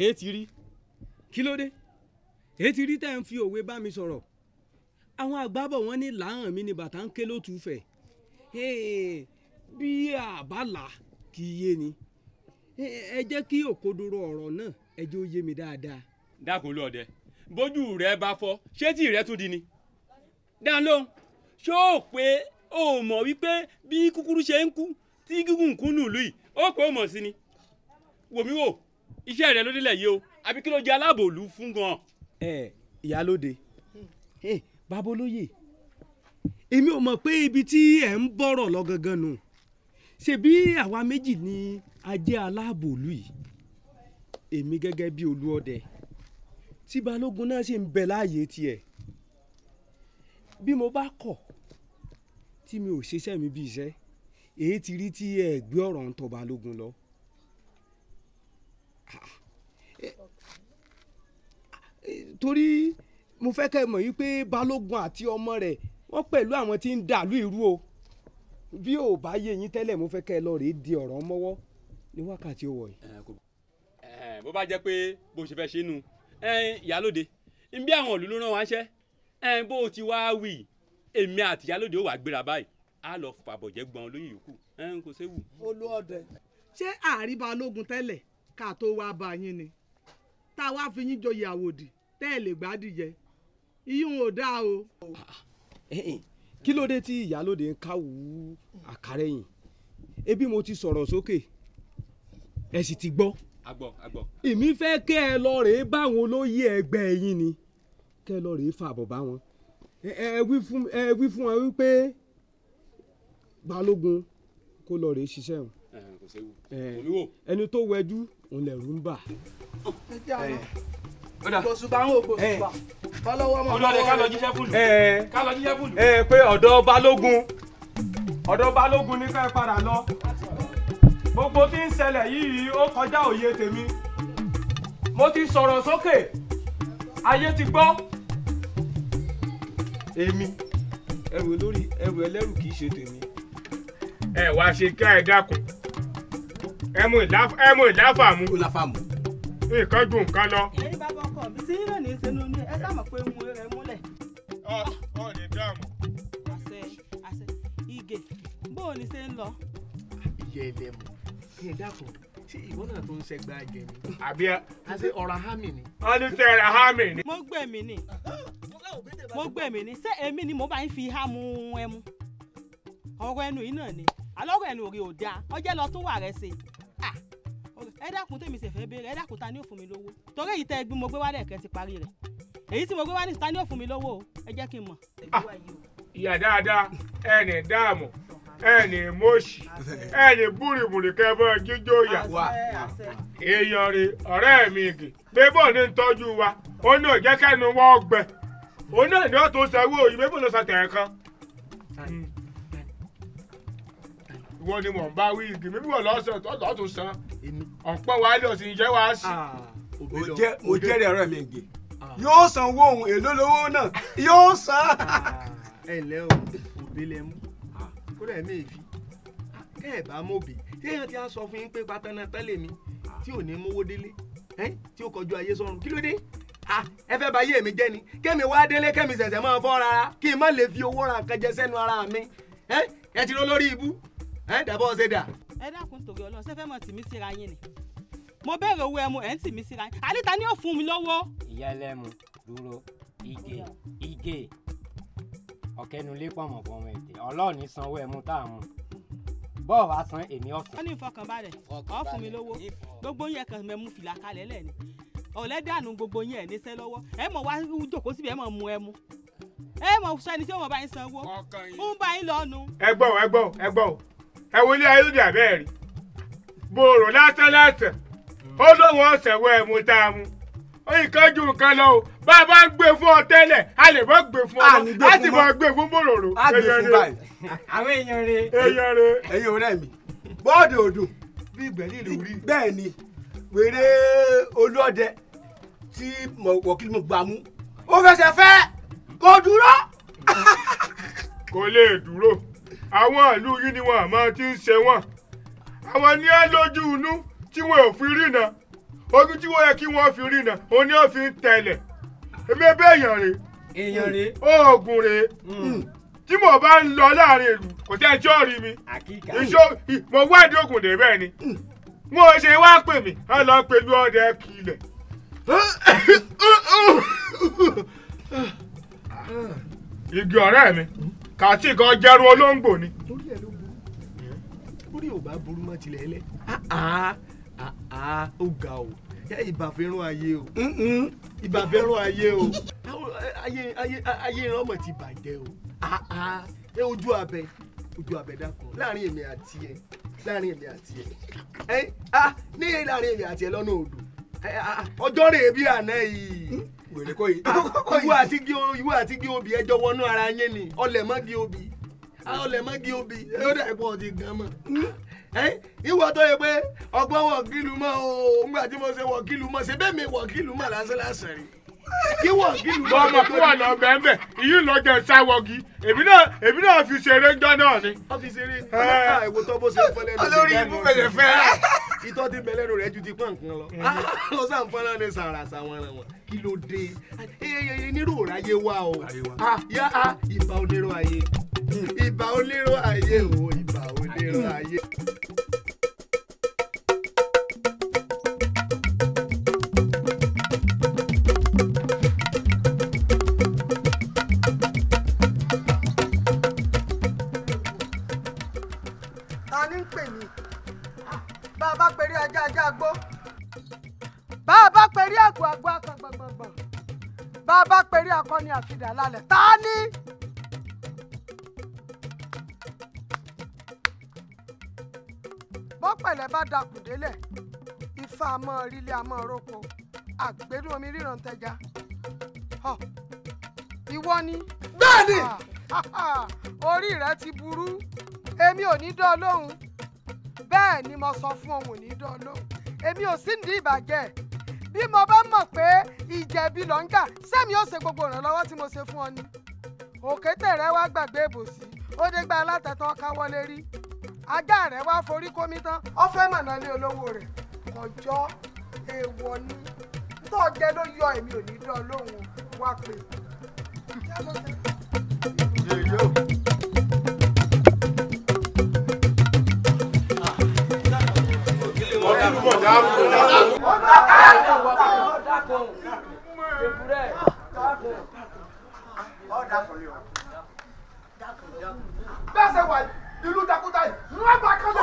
Speaker 2: èyí ti rí kí ló dé èyí ti rí tẹ́ ń fi òwe bá mi sọ̀rọ̀ àwọn àgbábọ̀ wọn ní làhàn mi ni bàtà ń ké lótú fẹ̀ bí àbálà kì í yé ni ẹ jẹ́ kí òkodoro ọ̀rọ̀ náà ẹ jẹ́ ó yé mi dáadáa. dákun lóòdẹ bójú rẹ bá fọ́ ṣé tí rẹ tún di ni dáná lóhùn ṣé o pé o mọ̀ wípé bí kúkúrú ṣe ń kú tí gígùn kú nùlú yìí ó pé o mọ̀ sí ni wòmí wò iṣẹ́ rẹ ló délẹ̀ yìí o àbí kí ló jẹ́ aláàbòlú fún gan. ẹ ìyálóde babolóye èmi ò mọ̀ pé ibi tí ẹ̀ ń bọ̀rọ̀ lọ gangan nù ṣebí àwa méjì ni a jẹ́ aláàbòlú yìí èmi gẹ́gẹ́ bí olú ọdẹ tí balógun náà ṣe ń bẹ láàyè tiẹ̀ bí mo bá kọ̀ tí mi ò ṣiṣẹ́ mi bí iṣẹ́ èyí ti rí tí ẹ gbé ọ̀rọ̀ ń tọ́ balógun lọ. torí mo fẹ́ kẹ́ mọ̀ yí pé balógun àti ọmọ rẹ̀ wọ́n pẹ̀lú àwọn tí ń dàlú ìrú o bí ò bá yé yín tẹ́lẹ̀ mo fẹ́ kẹ́ ẹ lọ rèé di ọ̀rọ̀ mọ́wọ́ ní wákàtí ó wọ̀ yìí. bó bá jẹ́ pé bó ṣe fẹ́ ṣe nù ìyálóde ń bí àwọn ìlú ló rán wa ṣẹ́ bó ti wá wì èmi àti ìyálóde ó wà gbéra báyìí á lọ fàbọ̀jẹ́ gbọ́n lóyún yòókù ẹn kò séwu. olú ọdẹ. ṣé àárín balógun tẹ́lẹ̀ ká tó wá bá yín ni tá a wá fi yín joyè àwòdì tẹ́ ẹ̀ lè gbádìyẹ iyún ò dáa o. kí ló dé tí ìyálóde ń káwù àkàrẹ̀yìn ebi mo ti sọ̀rọ̀ sókè ẹ sì ti gbọ́. àgbọ̀ àgbọ̀. èmi fẹ́ kẹ́ ẹ lọ rèé báwọn olóyè ẹgbẹ́ yín ni kẹ́ ẹ lọ rèé fàbọ̀ bá wọn ẹ wí fún ẹ wí fún wọn wípé balógun kó lọ rèé ṣiṣẹ́
Speaker 3: wọn
Speaker 2: ẹni tó wẹjú òun lẹ̀rù ń bà. ọlọ́dẹ ká lọ jíṣẹ́ fúlù. ká lọ jíṣẹ́ fúlù. pé ọ̀dọ̀ balógun ọ̀dọ̀ balógun ní ká ẹ padà lọ gbogbo tí ń ṣẹlẹ̀ yìí ó kọjá òye tèmi mo ti sọ̀rọ̀ sókè ayé ti gbọ́ èmi ẹrù olórí ẹrù ẹlẹ́rù kì í ṣe tèmi. ẹ wá ṣe ká ẹ dákun ẹ mú ìláfàmù. ó láfàmù. nǹkan ju nǹkan lọ. èyí bá bọkọ mi sí yíyan ní ìsinú ẹ sáà mọ̀ pé ń rẹ múlẹ̀. ọ ọ lè dáàmú. àṣẹ àṣẹ ìgè bóò ní ṣe ń lọ. ìyá ẹlẹ́mu ẹ dákun ṣé ìwọ náà tó ń ṣẹgbà jẹ ni. àbí ẹ. àti ọ̀rọ̀ hami ni. wọ́n ní sẹ́ra hami ni. mo gbẹ̀mí ni mo gbẹ̀mí ni ṣé èmi ni mo bá ń fi há mu ẹmu ọ̀rọ̀ ẹnu yìí náà ni alọ́rọ̀ ẹnu òrè ò dáa ọjẹ́ lọ tún wà rẹ ṣe ẹ dákun tèmi ṣẹ̀fẹ̀ béèrè ẹ dákun ta ni ó mi lówó torí èyí tẹ́ ẹ gbin mo gbé wálẹ̀ kẹ́ ti parí rẹ̀ èyí tí mo gbé wálẹ̀ ta ni ó mi lówó ẹ jẹ́ kí n mọ̀. ìyá dáadáa ẹ ní dáàmú ẹ ní mọ́ọ̀ṣì ẹ ní búrìbùrì kẹfọ́ jíjó yà èèyàn rè ọ̀rẹ́ mi gè bébọ̀ ní tọ́jú wa ó ní òjẹ́kẹ́nu wọ́n gbẹ òun náà ni wọ́n tó sanwó ìmẹ́bùn ló san tẹ̀rẹ̀ kan. ìwọ ni mò ń bá wí igi mímú ọ̀ lọ́sàn tọ́tọ́ tó san ọ̀pọ̀ wa lọ sí ìjẹ́ wa sí. o jẹ́ rẹ̀ ọ̀rọ̀ mi gè ah. yóò sanwó ohun èlò lówó náà yóò san. Ah, ẹ ǹlẹ́ o òbí lẹ mú ah. kódà ẹ̀mí èfi kẹ́ ẹ̀ bá mọ̀ bì tí èèyàn ti á sọ fún yín pé pátánà tẹ́lẹ̀ mi tí ò ní mówó délé tí ó kọjú ayé sọ́run kí ló dé Ah, ẹ fẹ́ bà yé mi jẹ́ ni kémi wá délé kémi ṣẹ̀ṣẹ̀ máa fọ́ rárá kí n má lè fi owó ra nǹkan jẹ sẹ́nu ara mi ẹ ti rọ lórí ibú ẹ dàbọ̀ ṣe dà.
Speaker 1: ẹ dákun torí Ọlọ́run ṣe
Speaker 2: fẹ́ mọ tìmí síra yín ni mo béèrè owó ẹmu ẹ ń tìmí síra yín àlítà ni ó fún mi lọ́wọ́. ìyá ẹlẹ́mu dúró igè igè ọ̀kẹ́nulé pọ̀mọ̀pọ̀mọ̀ ètè ọlọ́ọ̀ni sanwó ẹmu tá a mú bọ́ọ̀ wá san èmi ọ̀sán. wọ́n ní ìfọkànbalẹ̀ ọ̀ fún mi lówó gbogbo yẹn kan mẹ́mú fìlà kalẹ̀ lẹ́ni ọ̀lẹ́dàánú gbogbo yín ẹ̀ níṣẹ́ lọ́wọ́ ẹ mọ̀ wá jókòó síbi ẹ mọ̀ mu ẹmu ẹ mọ̀ sẹ́ni tí ó mọ̀ bá yín sanwó ń bá yín lọ́nu. ẹ gbọ́ ẹ gbọ́ ẹ gbọ́ ẹ wo ilé ayélujára abẹ́ẹ̀ rí bòrò lásánlásán ó lóun ọ̀sẹ̀ wọ ẹ̀mú tá a mu nǹkan ju nǹkan lọ o bá a bá ń gbé fún ọ tẹ́lẹ̀ a lè bọ́ gbé fún ọ a sì bọ́ gbé fún bòròrò. a gbé fún báyìí àwọn èèyàn rẹ èèyàn rẹ èèyàn rẹ mi bọ́ọ̀dù òdùn bí ìgbẹ́ nílùú rí bẹ́ẹ̀ ni wèrè olóòdẹ tí wọ́kìlì mi gbà mú ó fẹsẹ̀ fẹ́ kò dúró. kò lè dúró àwọn ìlú yìí ni wọn àmọ́ ti ń ṣe wọn àwọn ní á lójú inú tí wọn ò fi rìnà ojú tí wọn yẹ kí wọn fi rìnà òun ni wọn fi ń tẹlẹ̀ èmi ẹbẹ èèyàn rè èèyàn rè oògùn rè hmm. tí mo bá ń lọ láàrin ìlú kò tẹ́ ẹ rí mi ìṣó mo wá ìdí ògùn dè bẹ́ẹ̀ ni hmm. wọn ṣe wá pè mí wọn lọ pẹ̀lú ọdẹ kílẹ̀ igi ọ̀rẹ́ mi kàtí kan jẹ́rú olóńgbò ni. orí ẹ̀ ló burú orí ò bá burú mọ́ tilẹ̀ ẹlẹ́ ah, ah, ah, ó ga o ìbàfẹ́rún ayé o ìbàfẹ́rún ayé o ayé ìrànmọ̀ ti bàjẹ́ o ẹ ojú abẹ ojú abẹ dákun láàrin èmi àti ẹ láàrin èmi àti ẹ ẹ ní láàrin èmi àti ẹ lọ́nà odò ọjọ́ rèé bí àná yìí ah, ìwọ àti gí ìwọ àti gí obì ẹjọ́ wọnú ara yẹn ni ọlẹ̀ mọ́ gí obì ah, ọlẹ̀ mọ́ gí obì yóò dà pọ̀ ti gan mọ́ ìwọ tó yẹ pé ọgbọ́n mọ́ o ńgbà tí mo ṣe mọ́ ṣe bẹ́ẹ̀ mi mọ́ lásán lásán rí. kí wọ́n kí lù. bọ́ ọmọ kí wọ́n lọ bẹ́ẹ̀ bẹ́ẹ̀ ìyí lọ jẹ sáwọ́gì èmi náà èmi náà fi ṣeré jọ náà ni. wọ́n fi ṣeré ah, ìwò tó bó ṣe ń fọlẹ́ lọ. olórí ibú fẹ̀lẹ̀ fẹ́. itọ́ ti bẹ lẹ́nu rẹ̀ ju ti pọ́n nǹkan lọ. Ah, lọ sàn fọ́nrán ni sàrà sàwọn ẹ̀ràn wọn kí ló dé. eyeye eh, eh, eh, nírú òráyé wa o ah, yá ìbà onírò ayé ìbà onírò ayé o ìbà onírò ayé. àfidà lálẹ́ tá a ní. bọ́pẹ̀lẹ̀ bá dakùn délẹ̀ ifá a máa rí ilé a máa roko àgbẹ̀dùn omi ríran tẹja ìwọ ni. bẹ́ẹ̀ni. Ah, orí rẹ ti burú èmi ò ní dán lóhùn bẹ́ẹ̀ ni mo sọ fún òun ò ní dán lóhùn èmi ò sì ní ìbàjẹ́ bí mo bá mọ̀ pé ìjẹ̀bi lọ ń jà sẹ́mi ó ṣe gbogbo ìrànlọ́wọ́ tí mo ṣe fún ọ ni òkété rẹ wá gbàgbé ìbòsí ó dé gba alátẹ̀tàn káwọ́lé rí ajá rẹ wá forí kómi tán ó fẹ́ mọ̀nà lé olówó rẹ̀ ọjọ́ èèwọ̀ ni tó ló yọ èmi ò ní dán lóhùn wá pé. yèyé o. bá ṣe wà ìlú takuta yìí nọ́ọ̀bà kan lè.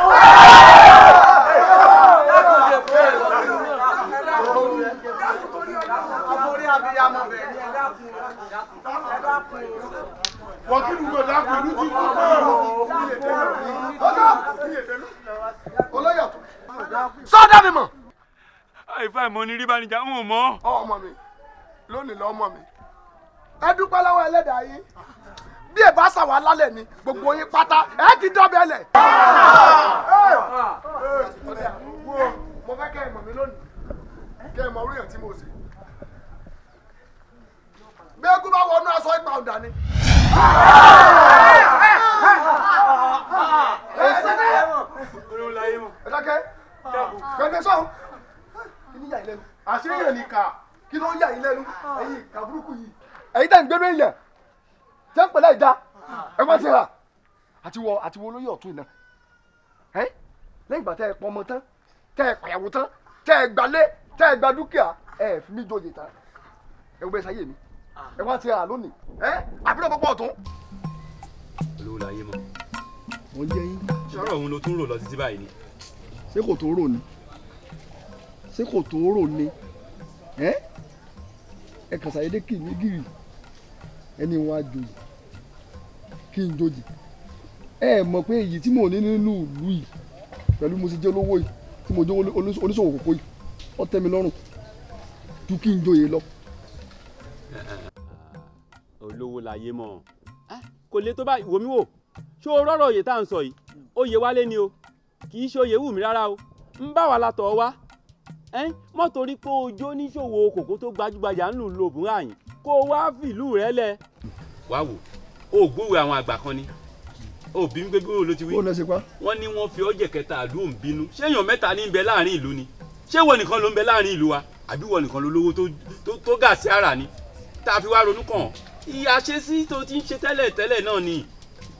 Speaker 2: wọ́kìlù kò dákun ìlú ti kú ọjọ́ olóyàtọ̀. sọ́dọ̀ mi mọ̀. àìfà ìmọ̀ ni rí bá ń wò ọmọ mi lónìí lọ́mọ mi ẹ dúpẹ́ lọ́wọ́ ẹlẹ́dàá yìí bí ẹ bá sàwọn alálẹ̀ ni gbogbo yín pátá ẹ ti dọ́bẹ̀ lẹ̀. mo fẹ́ kẹ́ ẹ mọ̀ mí lónìí kẹ́ ẹ mọ orí ẹ̀ tí mo sì. gbẹ́gun bá wọnú aṣọ ìgbà ọ̀dà ni. ẹ dákẹ́ gbẹ̀dẹ̀ sọ̀rọ̀ kí ni yà ilé nu àṣírí yẹn nìka kí ló ń yà ilé nu ẹ̀yin kàbúrúkú yìí. ẹ̀yin tẹ̀ ń gbẹ́nu èèyàn jẹ́ pẹ̀lẹ́ ìdá ẹ má ti rà àti wọ àti wọ olóyè ọ̀tún iná ẹ lẹ́yìn ìgbà tẹ́ ẹ pọnmọ tán tẹ́ ẹ pẹ̀yàwó tán tẹ́ ẹ gbalé tẹ́ ẹ gba dúkìá ẹ fi mí joyè tán ẹ wọ bẹ́ẹ̀ sáyé mi ah. ẹ wá ti rà lónìí ẹ àbúrò pọpọ ọ̀tún.
Speaker 4: olówó la yé mọ. wọ́n yẹ yín. sọ̀rọ̀ òun ló tún rò lọ títí báyìí ni. ṣé kò tó
Speaker 5: rò ni ṣé kò tó rò ni ẹ
Speaker 2: ẹ kàṣàyédé kì í ní gírì ẹni wọn á kí n joyè ẹ mọ̀ pé èyí tí mò ní nínú ìlú yìí pẹ̀lú mo ṣe jẹ́ olówó yìí
Speaker 5: tí mo jẹ́ oníṣòwò kòkó yìí ó tẹ́ mi lọ́rùn ju kí n joyè lọ.
Speaker 2: olówó la láyé mọ̀ kò lè tó bá ìwò mi wò ṣó o rọrọ òye tá à ń sọ yìí òye wálé ni o kì í ṣe òye wù mí rárá o ń bá wa látọ̀ wá mọ́ torí pé ojó níṣòwò kòkó tó gbajúgbajà ń lù lòbùn àyìn kó o wá fìlú rẹ lẹ. wá wò o gbúwe àwọn àgbà kan ni o bí gbégbé wo ló ti wí.
Speaker 5: wọ́n
Speaker 2: ní wọ́n fi ọ̀jẹ̀ kẹta àlú òun bínú ṣéèyàn mẹ́ta ní ń bẹ láàrin ìlú ni ṣé wọ nìkan ló ń bẹ láàrin ìlú wa àbí wọ nìkan ló lówó tó gà sí ara ni tá a fi wá ronú kàn ìyá ṣe sí tó ti ń ṣe tẹ́lẹ̀ tẹ́lẹ̀ náà ni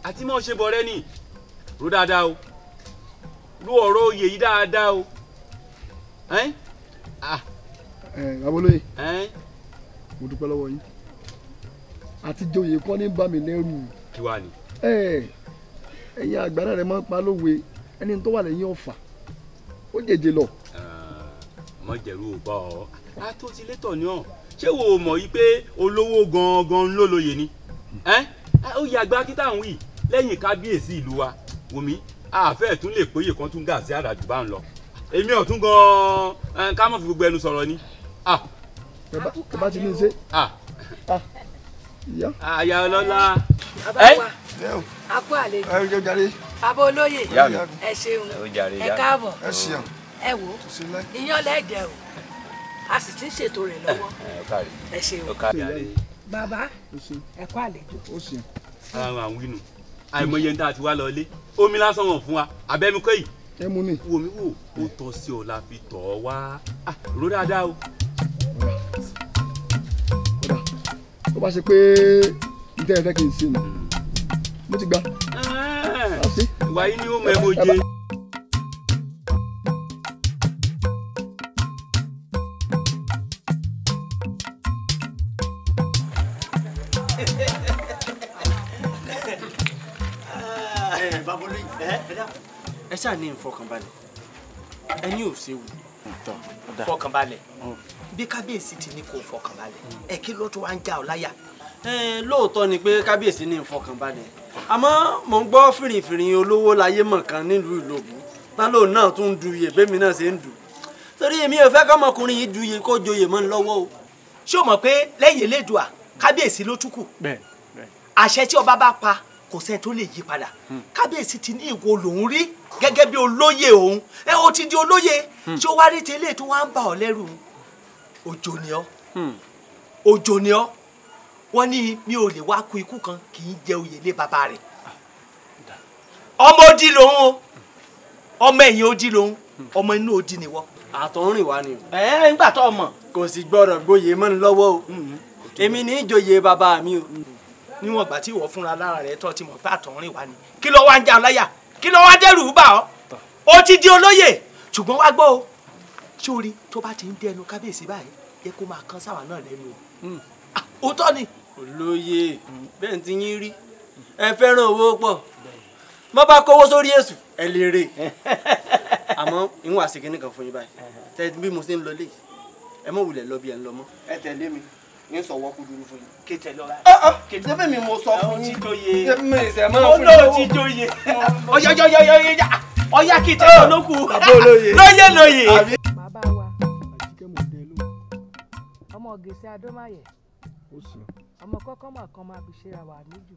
Speaker 2: àti mọ́ ṣe bọ̀rẹ́ ni ro dáadáa o lu ọ̀rọ̀ oyè yìí dáadáa o. ẹ
Speaker 4: abọ́lóye mo dúpẹ́ lọ́wọ́ yín àti joyè kọ́ ní bá mi lẹ́rù. kí wàá ní. ẹ
Speaker 2: ẹyin àgbàrá rẹ
Speaker 4: máa ń pa lówe ẹni tó wà lẹ́yìn ọ̀fà ó
Speaker 2: jèjì lọ. ọmọ jẹ̀rú ò bá ọ a tó ti létọ̀ ní ọ̀ ṣé wo mọ̀ yí pé olówó gangan ló lóye ni oyè àgbà kíta ń wì lẹ́yìn kábíyèsí ìlú wa wùmí àfẹ́ tún lè péye kan tún gà sí àràjù bá ń lọ èmi ọ̀tún gan-an ká má fi gbogbo ẹnu sọ̀rọ̀ ni. ẹ bá ti ní í ṣe àyà
Speaker 1: ọlọ́lá. a kú àlejò abọ́ olóyè ẹ ṣeun ẹ káàbọ̀ ẹ wò iyán lẹ́ẹ̀dẹ̀ o a sì ti ń ṣètò rẹ̀ lọ́wọ́
Speaker 2: ẹ ṣeun. bàbá ẹ kú àlejò. àwọn àwọn inú àìmọye ń tà ti wá lọ ilé omi lásán wọn fún wa abẹ́mi kọ́ yìí. ẹ mú mi. wo mi wò ó tọ́ sí ọ fi tọ̀ ọ wá. Ah, ró tó bá ṣe pé ìtẹ́ ẹ̀fẹ́ kì í ṣe mo ti gbà. wàyí ni ó mọ ẹ jẹ. ẹ ṣáà ní ìfọkànbalẹ̀ ẹ ní òṣèwò fọkànbalẹ̀ bí kábíyèsí ti ní kó fọkànbalẹ̀ mm. ẹ kí ló tó wá ń já ọ láyà. lóòótọ́ ni pé kábíyèsí ní ìfọkànbalẹ̀ àmọ́ mò ń gbọ́ fìrìfìrì olówó láyé mọ̀kan nílùú ìlòbù náà lóun náà tún ń du iye bẹ́mi náà ṣe ń dù torí èmi ò fẹ́ kọ́mọkùnrin yìí du iye kó joyè mọ́ ń lọ́wọ́ o ṣé o mọ̀ pé lẹ́yìn elédùà kábíyèsí ló túkù àṣẹ tí ọba bá pa kò sẹ́ni tó lè yí padà kábíyèsí ti ní ìwo lòún rí gẹ́gẹ́ bí olóyè òun ẹ o ti di olóyè tí hmm. ó wá rí tẹ́lẹ̀ tó wá ń bà ọ́ lẹ́rù òjò ni ọ́ hmm. òjò ni ọ́ wọ́n ní mi ò lè wá kú ikú kan kì í jẹ oyè lé bàbá rẹ̀ ọmọ odi lòun o ọmọ ẹ̀yìn odi lòun ọmọ inú odi nìwọ. àtọ̀rìn wa ni. ẹ ẹ nígbà tó mọ̀. kò sì gbọ́dọ̀ gboyè mọ́ni lọ́wọ́ o hmm. èmi ní í joyè bàbá mi o. Mm -hmm níwọ̀n ìgbà tí ìwọ fúnra lára rẹ tó ti mọ̀ pé àtọ̀rìn wà ní kí ló wá ń já láyà kí ló wá dẹ́rù bà ọ́ ó ti di olóyè ṣùgbọ́n wá gbọ́ o sórí tó bá ti ń dẹnu kábíyèsí báyìí yẹ kó máa kan sáwà náà lẹ́nu o hmm. òótọ́ ni. olóyè bẹ́ẹ̀ ti yín rí ẹ fẹ́ràn owó pọ̀ mo bá kówó sórí èṣù ẹ lè rè àmọ́ ìwọ̀n àṣekínní fún yín báyìí tẹ́ bí mo ṣe ń lọ lé ẹ mọ̀ wulẹ̀ lọ bí ẹ ń lọ mọ́. ẹ tẹ̀lé mi ní sọ̀wọ́ kú dúró fún yìí. kété lọ́la. ṣẹ́fẹ̀ mi mo sọ fún yín. mi ìṣẹ̀ máa fún yín. olóò ti jóye. ọ̀yọ̀yọ̀yọ̀yọ̀ kété olókù. bàbá olóye. lóye
Speaker 1: lóye. bàbá wa ọmọ gèsè adómáyé ọmọ kọ́kọ́ mà kan máa fi ṣera wà níjù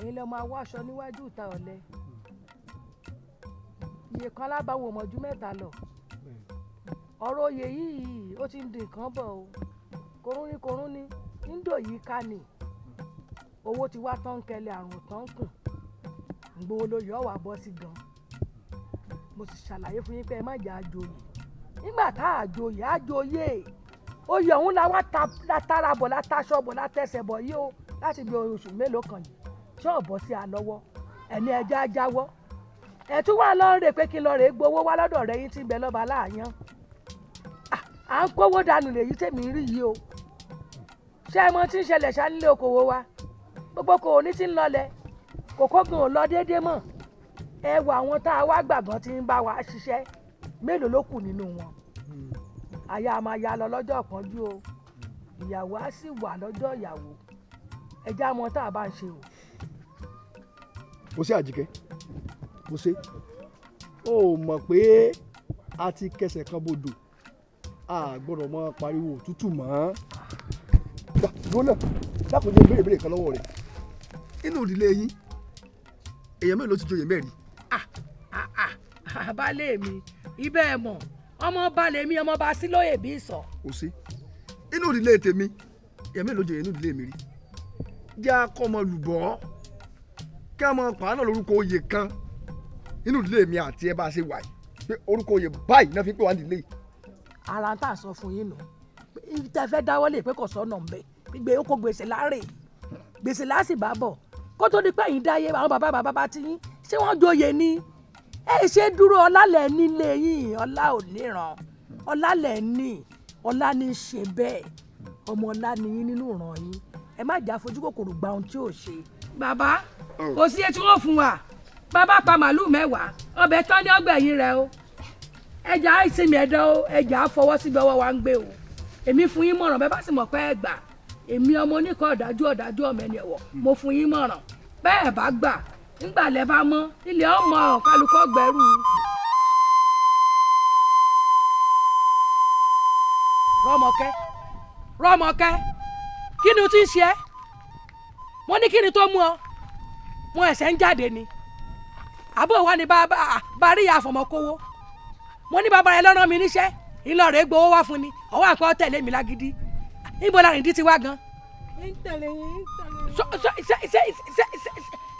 Speaker 1: èyí lọ́ọ́ máa wọ aṣọ níwájú ìta ọ̀lẹ hmm. iye kan lábàáwò mọ́jú mẹ́ta lọ ọ̀rọ̀ oyè yìí ó ti ń di nǹkan bọ̀ o. korúnníkorún ní níndò yìí ká ní owó ti wá tán kẹlẹ̀ àrùn tán kùn gbowó ló sí gan mo sì ṣàlàyé fún yín pé ẹ má jà àjòyè nígbà tá àjòyè àjòyè oyè ọ̀hún la wá látara bọ̀ látaṣọ bọ̀ látẹsẹ̀ bọ̀ o láti bí oṣù mélòó kan yìí tí ò bọ́ sí àlọ́wọ́ ẹni ẹja jáwọ́ wà rè pé kí n lọ rè gbowó wá lọ́dọ̀ rẹ yín tí ń bẹ lọ́ba láàyàn à ń kówó dànù tèmi rí o ṣé ẹ mọ tí ń ṣẹlẹ̀ ṣá nílé okòwò wa gbogbo kò ní ti ń lọlẹ̀ kòkógun ò lọ déédéé mọ̀ ẹ wo àwọn tá a wá gbàgbọ́ tí ń bá wa ṣiṣẹ́ mélòó ló kù nínú wọn àyà máa ya lọ lọ́jọ́ ìpọ́njú o ìyàwó á sì wà lọ́jọ́ ìyàwó ẹjẹ́ àmọ́ tá a bá ń ṣe o.
Speaker 5: mo ṣe àjíkẹ́ mo ṣe o mọ̀ pé
Speaker 2: a ti kẹsẹ̀ kan bodò a gbọ́dọ̀ mọ pariwo òtútù mọ́ gbà dúró náà dákun jẹ́ béèrè béèrè kan lọ́wọ́ rẹ̀ inú ìdílé yín èèyàn mélòó ti joyè mẹ́rin.
Speaker 1: àbálẹ̀ mi ibẹ̀ ẹ̀ mọ̀ ọmọ balẹ̀ mi ọmọ bá sí lóye bí sọ. kò sí inú
Speaker 2: ìdílé tèmi èèyàn mélòó joyè inú ìdílé mi rí jẹ́ akọ́mọlùbọ́
Speaker 5: kí a máa pàánù lórúkọ oyè kan inú ìdílé mi àti ẹ bá ṣe wà yìí pé
Speaker 2: orúkọ oyè báyìí náà fi pé wà nílé
Speaker 1: ara tá a sọ fún yín nù tẹ fẹ́ dáwọ́ lè pé kò sọ́nà ń bẹ́ẹ̀ gbé ó kó gbèsè láre gbèsè láàsì bá bọ̀ kó tó di pé yín dáyé àwọn bàbá bàbá bá ti yín ṣé wọ́n joyè ni ẹ ṣe dúró ọlálẹ̀ nílé yín ọlá ò níran ọlálẹ̀ ní ọlá ní í ṣe bẹ́ẹ̀ ọmọ ọlá ni yín nínú ìran yín ẹ má jà fojú kòkòrò gba ohun tí ò ṣe. bàbá oh. kò sí etí wọn fún wa bàbá pa màálù mẹ́wàá ọbẹ̀ tán ní ọgbẹ̀yìn rẹ o ẹja ìsinmi ẹ̀dán o ẹja fọwọ́ sí gbọ́wọ́ wa ń gbé o èmi fún yín mọ̀ràn bẹ́ẹ̀ bá sì mọ̀ pé ẹ gbà èmi ọmọ oníkọ ọ̀dájú ọ̀dájú ọmọ ẹni ẹ̀wọ̀ hmm. mo fún yín mọ̀ràn bẹ́ẹ̀ bá gbà ńgbà lẹ́ bá mọ́ ilé ọmọ kálukọ́ gbẹ́rù. rọmọkẹ́ rọmọkẹ́ kí ni o ti ń ṣe ẹ́ wọ́n ní kí ni tó mú ọ wọn ẹ̀sẹ̀ ń jáde ni àbúrò wa ni bá rí ìyá àfọ̀mọ́kówó mo ní bàbá rẹ lọ́rọ̀ mi níṣẹ́ ìlọrin gbowó wá fún ni ọwọ́ àpẹ́ ọ̀tẹ̀lẹ̀ mi lágídí níbo la rìn dí ti wá gan.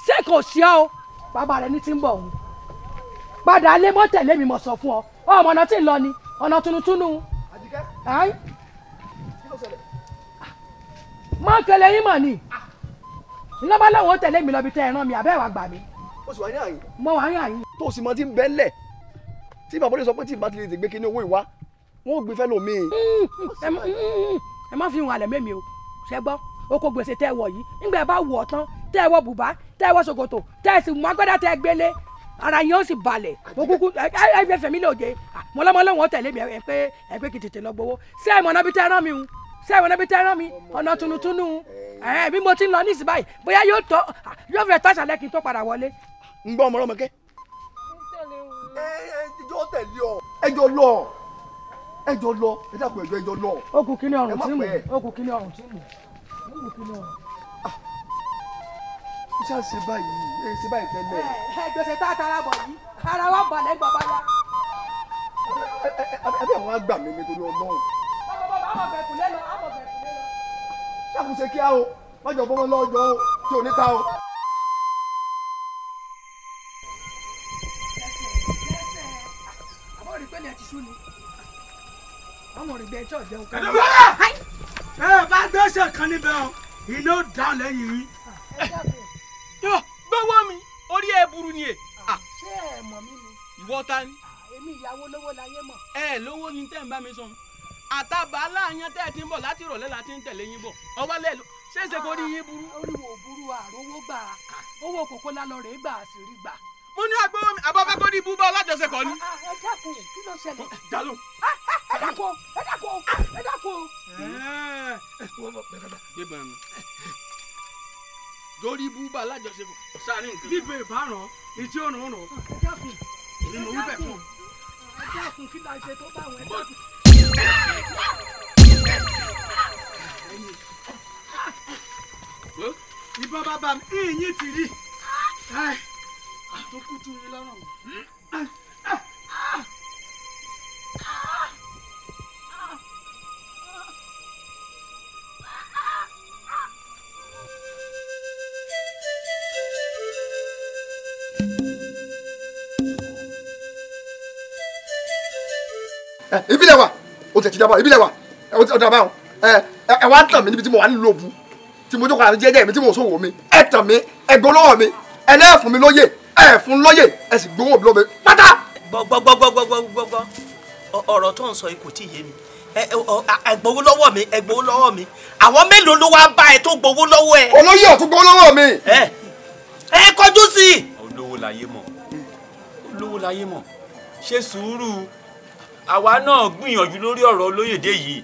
Speaker 1: ṣé kò sí ọ o bàbá rẹ ní ti ń bọ̀ òun padà lé mọ́ tẹ̀lé mi mọ̀ sọ fún ọ ọmọ ọ̀nà tí ń lọ ni ọ̀nà tunutunu. mọ kele yín mọ̀ ni lọ́ba lọ́wọ́ tẹ̀lé mi lọ́bi tẹ́ ẹ rán mi àbẹ́ wàá gbà mí. o sì wá ní àyè. mo wá ní àyè. tó o sì mọ tí ń bẹ́ ńlẹ̀ tí bàbá rẹ sọ pé tí ìbá ti lè gbé kí ní owó ìwá wọn ò gbé fẹ́ lómi. Mm, mm, mm, ẹ má fi hàn alẹ́ mẹ́mi o ṣẹ́ gbọ́ oko gbèsè tẹ́ ẹ wọ̀ yìí nígbà ẹ bá wọ̀ tán tẹ́ ẹ wọ bùbá tẹ́ ẹ wọ ṣòkòtò tẹ́ ẹ sì mú agbádá tẹ́ ẹ gbélé ara yín ó sì balẹ̀ òkùnkùn ẹ ẹ fẹ̀mí lóde mọ̀lọ́mọ́lọ́ wọn tẹ̀lé mi ẹ pé ẹ pé kì í tètè lọ gbowó ṣé ẹ mọ̀nà bí tẹ́ ẹ rán mi o ṣé ẹ mọ̀nà bí tẹ́ ẹ rán mi ọ̀nà tunutunu ẹ bí mo ti ń lọ ní ìsìn báyìí bóyá yóò tọ́ yóò fẹ́ tàṣà lẹ́kì tó padà wọlé. ń gbọ́ ọmọ ọlọ́mọ kẹ́.
Speaker 2: ẹ ẹ jọ tẹ̀lé ọ ẹ jọ lọ ẹjọ lọ ẹ dàpọ̀ ẹjọ ẹjọ lọ.
Speaker 1: ó kù kíní ọrùn tí mò ó kù kíní ọrùn tí mò ó kù kíní ọrùn. iṣẹ́ àṣẹ báyìí ẹ ṣe báyìí tẹ́lẹ̀. ẹ gbèsè tá a tara bọ̀ yìí ara wa bọ̀ lẹ́gbọ̀ bá yá.
Speaker 2: ẹbí àwọn àgbà mi nítorí ọlọ́run.
Speaker 1: ọmọ bẹ̀kùn lẹ́nu ọmọ
Speaker 3: bẹ̀kùn lẹ́nu.
Speaker 2: ṣàkóso kí á o má jọ bọ́mọ lọ́jọ́ o tí ò ní ta o.
Speaker 1: gbẹ tí ọ̀jẹ̀ nǹkan. ẹ̀dọ́
Speaker 3: bọ́lá
Speaker 2: ẹ bá gbẹ́sẹ̀ kan níbẹ̀ o iná dá lẹ́yìn yín. Ah, yọ gbọ́wọ́ mi orí ẹ burú ni ẹ.
Speaker 3: Ah, ah. ṣé ẹ mọ̀ mí ni. ìwọ ta ni. èmi
Speaker 1: ìyàwó
Speaker 2: lówó láyé mọ̀. ẹ lówó ni tẹ́ ń bá mi sọ àtàbà aláàyàn tẹ́ ẹ ti ń bọ̀ láti ìrọ̀lẹ́ la ti ń tẹ̀lé yín bọ̀ ọwọ́lẹ̀ ló ṣé ṣe kó rí yín
Speaker 1: burú. orí wo burú àròwó gbà owó kòkó lálọ rèé gbà àṣírí gbà. mo ní agbóhùn mi àbáfẹ́ kó ní búbá alájọṣe kọ́ ni. ẹ dákun kí ló ṣẹlẹ̀. dalo. ẹ dákun dákun ẹ dákun.
Speaker 2: gbẹ̀gbọ̀n mi lórí búba alájọṣepọ̀ sáré nǹkan. bíbẹ̀ ìbáràn ni tí ó ràn ràn. ẹ dákun èmi mò ń bẹ̀ fún.
Speaker 1: ẹ dákun kí la ṣe tó bá wọn ẹ dákun.
Speaker 2: ìbọn bàbá mi ìyìn ti rí.
Speaker 1: àtúkùtù yín lọ́rùn.
Speaker 2: Eh, ibi lẹ wa o tẹ̀ ti dábọ̀ ibi lẹ wa eh, o tẹ̀ dábọ̀ ẹ eh, ẹ wá tàn mí níbi tí mo wà nílùú òbu tí mo jókòó àti jẹ́jẹ́ mi tí mo sòwò mi ẹ tàn mí ẹ gbọ́ lọ́wọ́ mi ẹ lẹ́ fún mi lóye ẹ fún lóye ẹ sì gbowó mi lóye pátá. gbọgbọgbọgbọgbọgbọ ọ̀rọ̀ tó ń sọ yìí kò tí ì yé mi ẹ gbowó lọ́wọ́ mi ẹ gbowó lọ́wọ́ mi àwọn mélòó ló wá bá ẹ tó gbowó lọ́wọ́ ẹ. olóyè ọ̀tún gbowó lọ́wọ́ mi. ẹ ẹ kọjú sí i. olówó láyé mọ̀ olówó láyé mọ̀ ṣe sùúrù àwa náà gbìyànjú lórí ọ̀rọ̀ olóyèdè yìí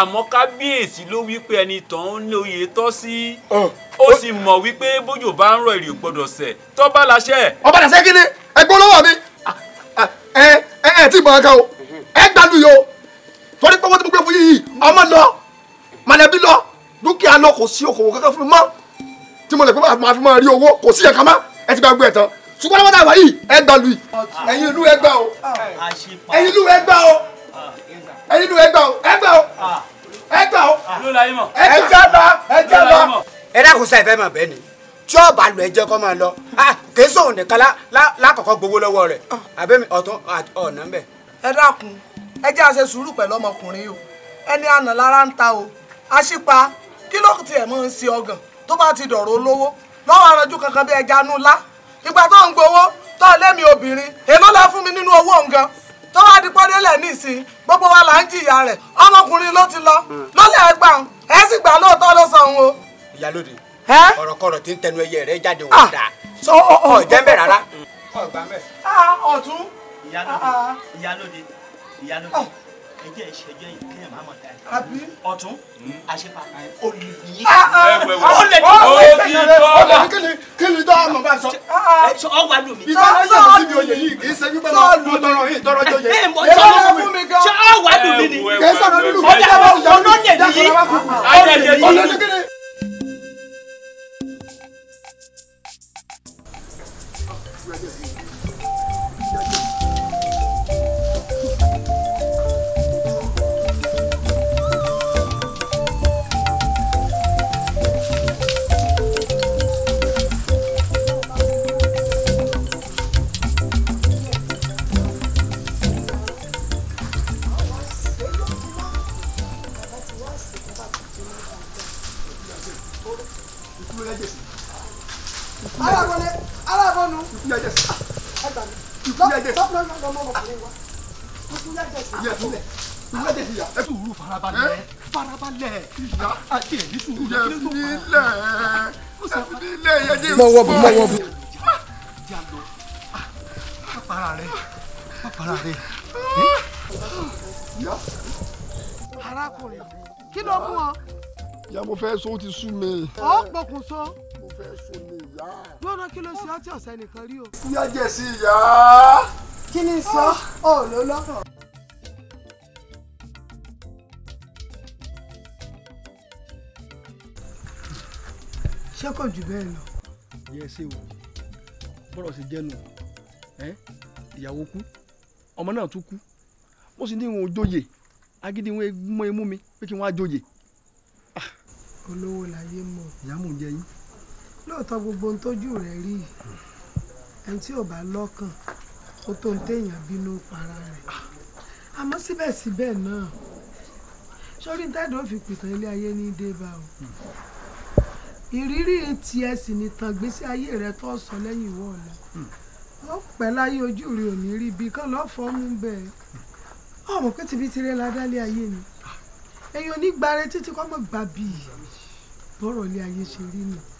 Speaker 2: àmọ́ kábíyèsí ló wí pé ẹni tán ń lé oyè tọ́ sí ó sì mọ̀ wípé bójú bá ń rọ èrè gbọ́dọ̀ sẹ̀ tó bá láṣẹ. ọba dàṣẹ kí ni ẹgbẹ́ olówó mi ẹ ẹ ẹ ti mọ̀ ọ́ kan o ẹ gbàlú yìí o torí pé wọ́n ti gbé fún yìí ọmọ lọ mọ̀lẹ́bí lọ dúkìá lọ kò sí okòwò kankan fún mi mọ́ tí mo lè pé màá fi máa rí owó kò sí ẹ̀ka mọ́ ẹ ti gbàgbé ẹ̀ tán ṣùgbọ́n lọ́wọ́ náà wà yìí ẹgbà lu
Speaker 3: yìí
Speaker 2: ìlú ẹgbà o ẹ̀yin ìlú ẹgbà o ẹ̀yin ìlú ẹgbà o ẹgbà o ẹgbà o ẹjẹ lọ ẹjẹ lọ. ẹ dákun sáà ìfẹ́ mọ̀ bẹ́ẹ̀ ni tí ọba lu ẹjẹ kọ́ máa lọ ah, kèésì òun nìkan lákọ̀ọ́kọ́ gbowó lọ́wọ́ rẹ̀ àbẹ́mi ọ̀tún ọ̀nà ń bẹ̀. ẹ dákun ẹ jẹ́ àṣẹ sùúrù pẹ̀lú ọmọkùnrin o ẹni àná lára ń ta o àṣìpa kí ló tiẹ̀ mọ́ ń ṣe ọgàn tó bá ti dọ̀rọ̀ olówó lọ́wọ́ aranjú kankan bí ẹja nù lá ìgbà ń gbowó tó mi obìnrin èló la fún mi nínú owó nǹkan tó wá di pọ́délẹ̀ nísìnyí gbogbo wa là ń jìyà rẹ̀ ọmọkùnrin ló ti lọ lọ́lẹ̀ ẹgbà ń ẹ sì gbà lóòótọ́ ló sọ òun o. ìyálóde ọ̀rọ̀kọ̀rọ̀ tí ń tẹnu ẹyẹ rẹ jáde ah! wọ̀ dáa jẹ́ ẹjẹ ìṣẹjẹ ìkẹyìn máa mọ ta ah, ah. ẹ ọtún àṣepa olùyìn. ó lè ní ó lè ní kí ni kí ni tó àmọ́ bá sọ. ọ wà lómi. ìfẹ́ ẹsẹ̀ lọ síbi olè yìí kì í ṣe wípé mo tọrọ yìí tọrọ
Speaker 3: tó yẹ. ẹ mọ tí ọlọ́wọ́ fún mi gan. ṣé ọ wà lómi ni. kì í sọ̀rọ̀ nínú kí ọjà ọ̀nà lè ní yìí. ọ̀nà lè ní yìí. Thank you.
Speaker 2: ẹ sùúrù farabalẹ̀ ìyá mo fẹ́ so ti sú mi. ó pokùn so. mo fẹ́ so ni ìyá. lọ́nà kí ló ṣe ọtí ọ̀sẹ̀ nìkan rí o. ìyá jẹ̀ sí ìyá. kí ni sọ ọ
Speaker 1: ah. ló lọ́rọ̀. ṣé kò jù bẹ́ẹ̀ lọ.
Speaker 2: yẹ ṣe o bọ́rọ̀ sì jẹ́ nù ìyàwó kú ọmọ náà tún kú mo sì ní ìwọ̀n òjòyè agídí ìwọ̀n mọ́ imú mi pé kí wọ́n á jòyè. Ah. olówó la yé mọ̀. ìyá mò ń jẹ yín lóòótọ́ gbogbo ohun tójú rẹ̀ rí yìí ẹni tí ò bá lọ́kàn ó tó ń téèyàn bínú para rẹ̀ àmọ́ síbẹ̀síbẹ̀ náà sórí tẹ́ẹ̀dọ̀ fi pìtàn ilé ayé ní débà o ìrírí tiẹ̀ sì ni tàn gbèsè ayé rẹ tó sọ lẹ́yìn ìwọ ọ̀la wọ́n pẹ́ láyé ojú rẹ ò ní rí bí kán lọ́fọ̀ọ́ mú bẹ́ẹ̀ ọmọ pé tìbí tiré la dálé ayé ni èèyàn ò ní gbáre títí kọ́ mọ̀ gbà bíi bọ́rọ̀ ilé ayé ṣe rí nìyí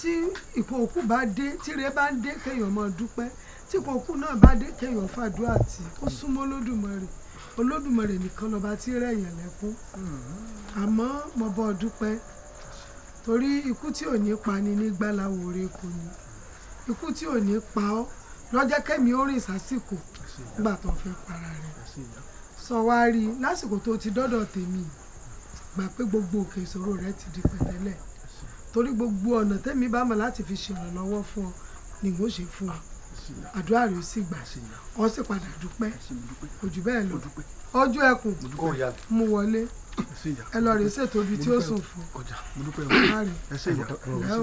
Speaker 2: tí ìkòkù bá dé tíre bá ń dé kéèyàn máa dúpẹ́ tí ìkòkù náà bá dé kéèyàn fàdúrà tí kó súnmọ́ Olódùmarè Olódùmarè nìkan lọ́ba tí rẹ̀yàn lẹ́kún àmọ́ mo bọ́ dúpẹ́ torí ikú tí ò ní pa ni nígbà láwòrè kò ní ikú tí ò ní pa ọ́ lọ́jọ́ kẹ́mi ó rìn sásìkò nígbà tó fẹ́ para rẹ̀ sọ wá rí lásìkò tó ti dọ́dọ̀ tèmi gbà pé gbogbo òkè ìṣòro rẹ̀ ti di pẹ̀tẹ́lẹ̀ torí gbogbo ọ̀nà tẹ́mi bá mọ̀ láti fi ṣèrànlọ́wọ́ fún ọ ni mo ṣe fún ọ àdúrà rẹ sì gbà ọ sì padà dúpẹ́ ojú bẹ́ẹ̀ lọ ọjọ́ ẹkùn mú wọlé ẹ lọ rèé ṣètò ibi tí ó sùn fún ọ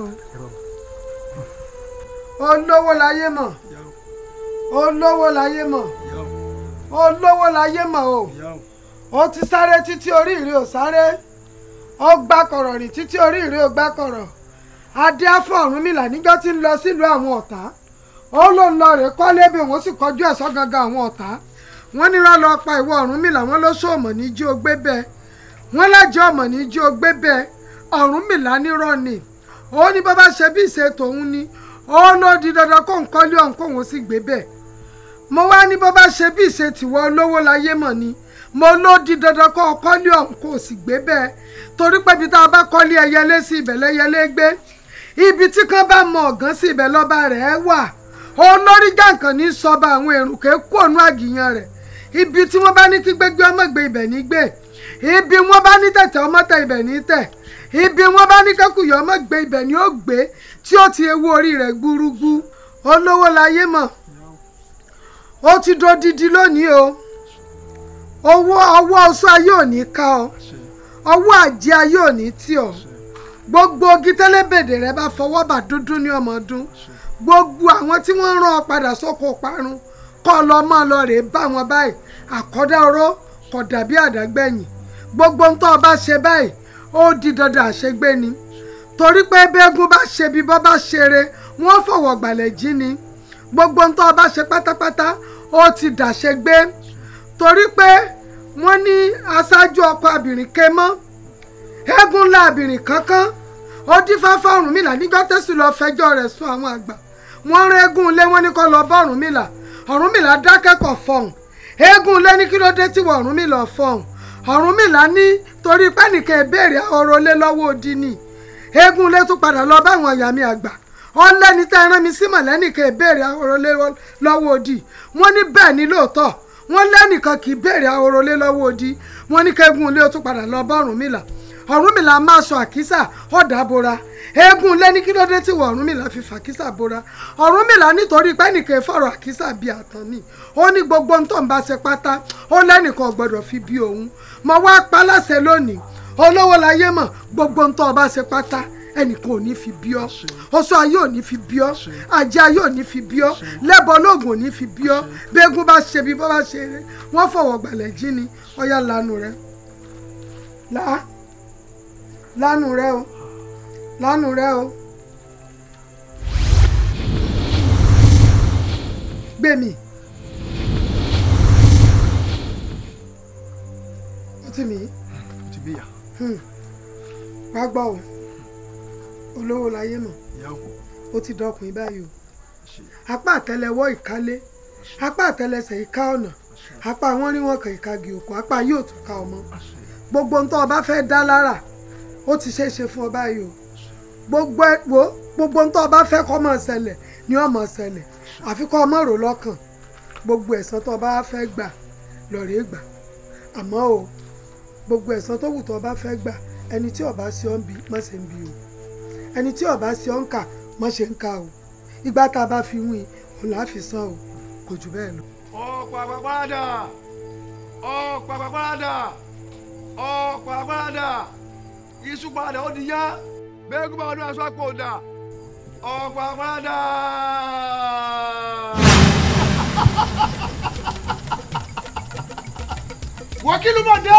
Speaker 2: o olówó láyé mọ̀ olówó láyé mọ̀ olówó láyé mọ̀ o ó ti sáré títí orí ìrè ò sáré ó gbàkọ̀rọ̀ rìn títí orí ìrè ó gbàkọ̀rọ̀ adé afọ Ọ̀rúnmìlà níjọ́ tí ń lọ sílùú àwọn ọ̀tá ó ló ń lọ rè kọ́lébè wọ́n sì kọjú ẹ̀sọ́ gangan àwọn ọ̀tá wọ́n ní rán lọ pa ìwọ Ọ̀rúnmìlà wọ́n ló sọ ọmọ ní jí ó gbé bẹ́ẹ̀ wọ́n lájọ ọmọ ní jí ó gbé bẹ́ẹ̀ Ọ̀rúnmìlà nírọ́ ni ó ní bó ṣe bí ìṣe tòun ni ó ló di dandan kó ń kọ́lé ọ̀hún kóun sì gbé bẹ́ẹ̀ mo wá ní bó bá ṣe bí ìṣe tìwọ olówó láyé mọ̀ ni mo ló di dandan kó o kọ́lé ọ̀hún kó o sì gbé bẹ́ẹ̀ torí pé ibi tá a bá kọ́lé ẹyẹlé sí ibẹ̀ lẹ́yẹlé gbé ibi tí kan bá mọ ọ̀gán sí ibẹ̀ lọ́ba rẹ̀ wà olórí jàǹkàn ní sọba àwọn èrùké kú ònú àgìyàn rẹ̀ ibi tí wọ́n bá ní kí gbégbé ọmọ gbé ibẹ̀ ní gbé ibi wọ́n bá ní tẹ̀tẹ̀ ọmọ tẹ ibẹ̀ ní tẹ̀ ibi wọ́n bá ní kẹ́kùyọ́ ọmọ gbé ibẹ̀ ní ó gbé tí ó ti ewu orí rẹ̀ gbúrúgbú olówó láyé mọ̀ ó ti do didi lónìí o ọwọ́ ọwọ́ ọsọ ayé ò ní ká ọ ọwọ́ àjẹ́ ayé ò ní tì ọ gbogbo gítẹ́lẹ́bẹ̀dẹ̀ rẹ bá fọwọ́ bà dúdú ní ọmọ ọdún gbogbo àwọn tí wọ́n rán ọ padà sóko parun kọ́ lọ mọ́ lọ rèé bá wọn báyìí àkọ́dá oró kò dàbí àdágbẹ̀yìn gbogbo ń tọ́ ọ bá ṣe báyìí ó di dandan àṣegbé ni torí pé bẹ́ẹ̀gùn bá ṣe bí bọ́ bá ṣeré wọ́n fọwọ́ gbàlẹ̀ jí ni gbogbo ń tọ́ ọ bá ṣe pátápátá ó ti dàṣegbé torí pé wọ́n ní aṣáájú ọkọ̀ abìnrin ké mọ́ eégún ńlá abìnrin kankan ó dífá fọ́rùnmìlà nígbà tẹ́sù lọ fẹjọ́ rẹ̀ sùn àwọn àgbà wọ́n rán eégún ilé wọn ní kó lọ bá ọ̀rúnmìlà ọ̀rúnmìlà dákẹ́kọ̀ọ́ fọ̀hún eégún ilé ní kí ló dé tí wọ́n ọ̀rúnmìlà fọ̀hún ọ̀rúnmìlà ní torí pẹ́nìkan ìbéèrè ọ̀rọ̀ lé lọ́wọ́ odi ni eégún ilé tún padà lọ báwọn ìyá mi àgbà ọ̀lẹ́ni tẹ́ rán mi símọ̀ lẹ́nìkan ìbéèrè ọ̀rọ̀ lé lọ́wọ́ odi wọ́n ní bẹ́ẹ̀ ni lóòótọ́ wọ́n lẹ́nìkan kì í béèrè ahoro lé lọ́wọ́ odi wọ́n ní kẹ́gùn ilé ó tún padà lọ bá Ọ̀rúnmìlà Ọ̀rúnmìlà máa sọ àkísà ọ̀dà bora eégún ilé ní kí ló dé tí wọ Ọ̀rúnmìlà fi fàkísà bora Ọ̀rúnmìlà nítorí pé fọ̀rọ̀ àkísà bíi àtàn ni ó ní gbogbo ń tàn bá ṣe pátá ó lẹ́nìkan gbọ́dọ̀ fi bí òun mo wá pa láṣẹ lónìí olówó láyé mọ̀ gbogbo ń tàn bá ṣe pátá ẹnìkan ò ní fi bí ọ ọ̀ṣọ́ ayé ò ní fi bí ọ àjẹ́ ayé ò ní fi bí ọ lẹ́bọ lóògùn ò ní fi bí ọ bẹ́ẹ̀gùn bá ṣe bí bọ́ bá ṣe eré wọ́n fọwọ́ gbàlẹ̀ jí ni ọ̀yà lanu rẹ là lanu rẹ o lanu rẹ o. gbèmí. ó ti mí. ó ti bí ya. Hmm. wàá gbọ́ o olówó láyé mọ̀ ó ti dọkùnrin báyìí o apá àtẹ́lẹwọ́ ìkálé apá àtẹ́lẹsẹ̀ ìka ọ̀nà apá wọn rí wọn ìkagi òkú apá yóò tún ka ọmọ gbogbo ohun tó o bá fẹ́ dá lára ó ti ṣeé ṣe fún ọ báyìí o gbogbo ẹ̀pọ̀ gbogbo ohun tó o bá fẹ́ kó máa ṣẹlẹ̀ ni ó ṣẹlẹ̀ àfi kó o má rò lọ́kàn gbogbo ẹ̀san tó o bá fẹ́ gbà lọ́ọ̀rẹ́ gbà àmọ́ o gbogbo ẹ̀san tó wù tó o bá fẹ́ gbà ẹni tí o bá sí ọ́ ń ṣe ń bi o ẹni tí ọba ṣe ọ ń kà mọ ṣe ń ka o ìgbà tá a bá fi wín òun là á fi san o kò jù bẹ́ẹ̀ lọ. ọ̀pọ̀ àpapàdà ọ̀pọ̀ àpapàdà ọ̀pọ̀ àpapàdà iṣu padà ó di yá bẹ́ẹ̀ kú bá ọdún aṣọ àpò ọ̀dà ọ̀pọ̀ àpapàdà. wọ́n kí ló mọ̀ dé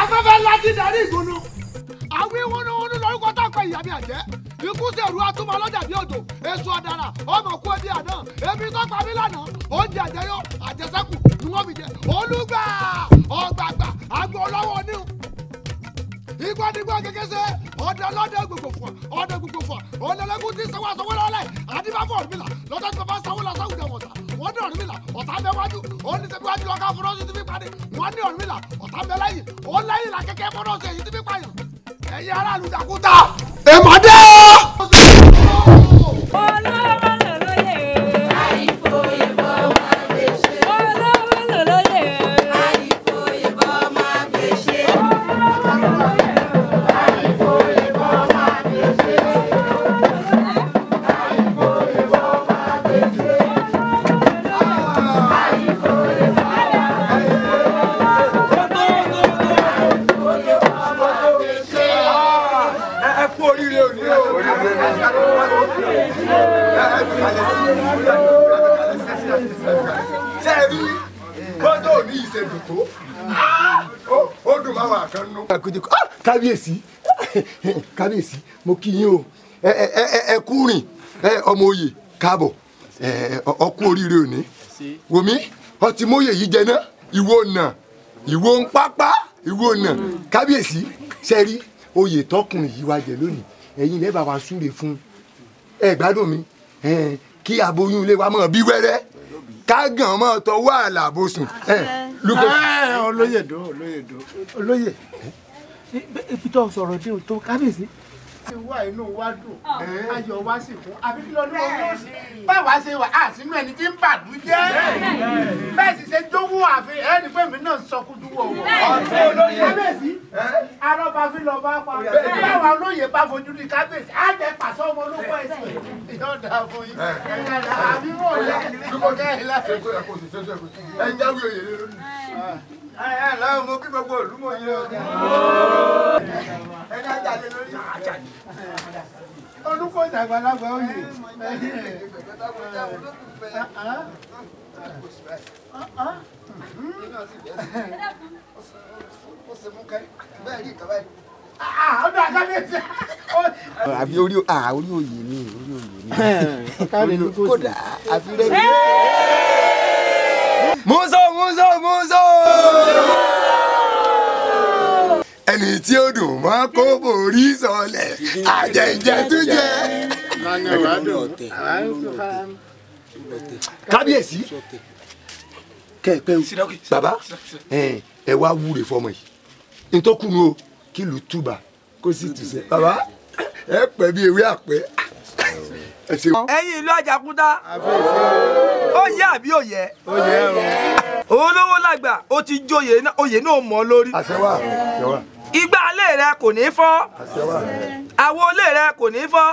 Speaker 2: afẹ́fẹ́ ńlá ti darí ìgbónú àwí wúnúwúnú lórúkọ tákọ ìyá mi àjẹ́ ikú sẹ̀rù atúmọ̀ lọ́jà bí odò èso ọ̀dàrà ọmọ kú ebi àná èmi tó pa lánàá oúnjẹ àjẹyọ àjẹsẹ́kù ni wọ́n mi jẹ olúgbà ọgbàgbà àgbò ọlọ́wọ́ oníhùn igbó nígbó kékeré ọdẹ ọlọdẹ gbogbo fún ọ ọdẹ gbogbo fún ọ ọlọlẹgùn ti sanwó asanwó lọlẹ adibafọ Ọ̀rúnmìlà lọdọ tí bàbá sanwó lọ sáwùjọ wọn ta wọn ní Ọ̀rúnmìlà ọ̀tá bẹ wájú oníṣẹbíwájú lọkà fọlọsí ti fi padì wọn ní Ọ̀rúnmìlà ọ̀tá bẹ lẹ́yìn ó lẹ́yìn là kẹkẹ fọlọsí èyí ti fi pààyàn ẹ̀yin aráàlú dàkúta. ẹ̀ máa dé o. tó ó dùn máa wà kan nú. Ah, kábíyèsí kábíyèsí mo kí yín o ẹ kú rìn
Speaker 4: ọmọ oyè káàbọ̀ ọkú oríire òní wòmí ọtí mòye yìí jẹ náà ìwọ nà ìwọ ń pápá ìwọ nà hmm. kábíyèsí sẹ́rí oyè tọkùnrin yìí wá jẹ lónìí ẹ̀yin lẹ́bàá wa súre fún ẹ gbádùn mi kí aboyún ilé wa mọ̀ bí wẹ́rẹ́ ká gàn mọ́ tọwọ́
Speaker 2: àlàbòsùn. Ah, olóyè dó olóyè dó olóyè ibi tó sọ̀rọ̀ dé o tó kábíyèsí ti wá inú wa dùn ayọ̀ wa sì kún àbí kí lọ́dún orí òsì báwa ṣe wà á sínú ẹni tí ń bàdú jẹ́ bẹ́ẹ̀ sì ṣe jówó àfi ẹni pé mi náà sọkúdú wọ̀wọ̀ kábíyèsí arọ́ba fi lọ bá pa báwa olóyè bá fojú di kábíyèsí á jẹ pàṣẹ ọmọ olóko ẹ̀sìn ìyọ̀dà fún yín àbí wọ́n yẹ kí ló kẹ́ ẹ̀ láti. ẹ jáwé òye lónìí ẹ ǹlẹ́ o mo kí gbogbo ìlú mọ̀ yé o. ẹni ajáde lórí olùkọ́ ìdàgbàlagbà oyè. àbí orí orí òye mi orí òye mi kódà àfi rẹ muzo muzo muzo. And it's your do mọ́ kó borí sọlẹ̀ àjẹjẹ tún jẹ.
Speaker 4: kábíyèsí kẹ́ẹ̀pẹ́ bàbá ẹ wá wúre fọmọ yìí ntọ́kùnrin o
Speaker 2: kí lu túbà kó sì tù sẹ́ bàbá ẹ pẹ́ bí ewé àpẹ́ ẹ̀yin ìlú àjàkúta ó yẹ àbí ó yẹ olówó lágbà ó ti jóyè náà oyè náà mọ́ lórí. àṣẹ wà àṣẹ igbá ilé rẹ kò ní fọ́ àwo ilé rẹ kò ní fọ́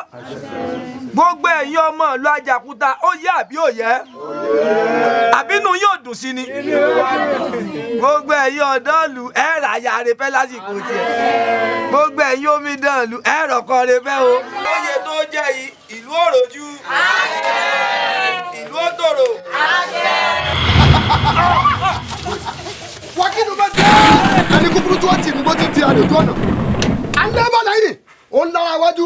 Speaker 2: gbogbo ẹ̀yin ọmọ ìlú Ajaokuta ó yẹ àbí ó àbínú yóò dùn sí ni gbogbo ẹ̀yin ọ̀dọ́ ìlú ya repẹ́ lásìkò tiẹ̀ gbogbo ẹ̀yin omidan ìlú ẹ̀ rọ̀kọ̀ repẹ́ o. oyè tó jẹ́ ìlú òròjú ìlú òtòrò wákìlú bá dé ẹni kúkúrú tí wọ́n ti ní bó ti di àlejò ọ̀nà alẹ́bà lẹ́yìn ó ń lára wájú.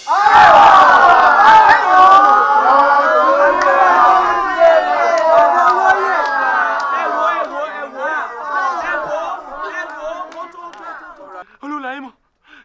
Speaker 3: Ah!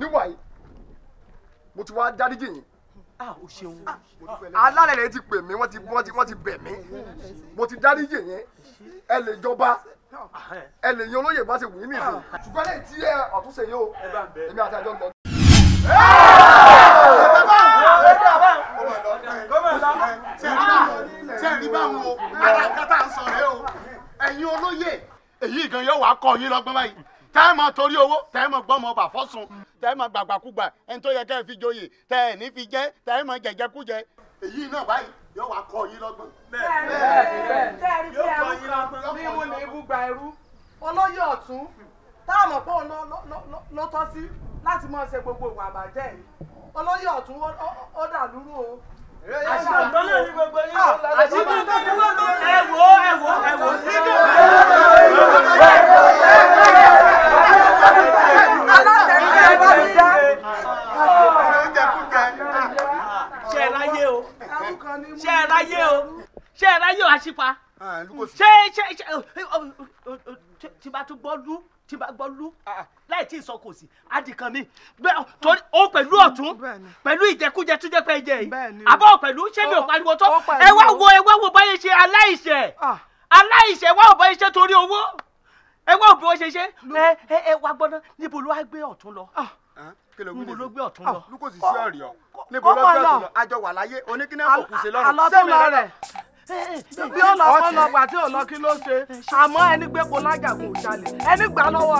Speaker 2: níwà yìí mo ti wá dáríjì yín. ah o ṣeun. Ah, alálẹ̀ rẹ̀ ti pè mí wọ́n ti wọ́n ti wọ́n ti bẹ̀ mí mo ti dáríjì yín ẹ lè jọba ẹ lè yan olóyè bá ṣe wù yín nìyí. Ah. ṣùgbọ́n lẹ́yìn tí ẹ ọ̀tún ṣe yìí o èmi àti àjọ ń lọ. sẹ́ẹ̀rí báwọn o alága tá a sọ̀rọ̀ ẹ o ẹ̀yin olóyè èyí gan yóò wá kọ́ yín
Speaker 4: lọ́gbọ́n báyìí tẹ́ ẹ mọ torí owó tẹ́ ẹ mọ gbọ́mọ bà fọ́sùn tẹ́ ẹ mọ gbàgbàkúgbà ẹni tó yẹ kẹ́ ẹ fi
Speaker 2: joyè tẹ́ ẹ ní fi jẹ́ tẹ́ ẹ mọ jẹjẹkújẹ. èyí náà báyìí
Speaker 4: yóò wá kọ́ yín lọ́gbọ́n. bẹ́ẹ̀
Speaker 2: bẹ́ẹ̀ bẹ́ẹ̀ yóò kọ́ yín lọ́gbọ́n bí mo ní ibú gba ẹrú olóyè ọ̀tún táwọn ọ̀pọ̀ ló tọ́ sí láti mọ̀ ṣe gbogbo ìwà àbàjẹ́ yìí olóyè ọ̀tún ó dàlúrú o àṣìkò náà ni gbogbo yín àṣìkò tó ní wọ́n lọ ẹ wò ẹ wò ẹ wò nígbà
Speaker 3: ṣe ráyé o ṣe ráyé o
Speaker 2: ṣe ráyé o àṣìpa ṣe ṣe ṣe tí bá tún gbọ́ dún tí bá gbọ́ lú ah, ah, láì tí ì sọ kò sí adìkan mi ah. torí o pẹ̀lú ọ̀tún pẹ̀lú ìjẹkújẹ tó jẹ́ pé ẹ jẹ yìí àbọ̀ pẹ̀lú ṣé mi ò pariwo tó ẹ wá wo ẹ wá wo báyé ṣe aláìṣẹ̀ aláìṣẹ̀ wá ò báyé ṣe torí owó ẹ wá ò bí wọ́n ṣe ṣe ẹ ẹ wá gbọ́dọ̀ níbo ló wá gbé ọ̀tún lọ níbo ló gbé ọ̀tún lọ. lukosi sí ọ̀rìọ̀ níbo ló gbé ọ̀tún lọ àjọ wà láyé oníkíná kò kù sí lọ́rùn sẹ́mi lọ́rẹ̀.
Speaker 3: bí ọ lọ kọ́ lọ gbà
Speaker 1: tí ò kí ló ṣe àmọ́ ẹni gbé kó lájàgùn ẹni gbà lọ́wọ́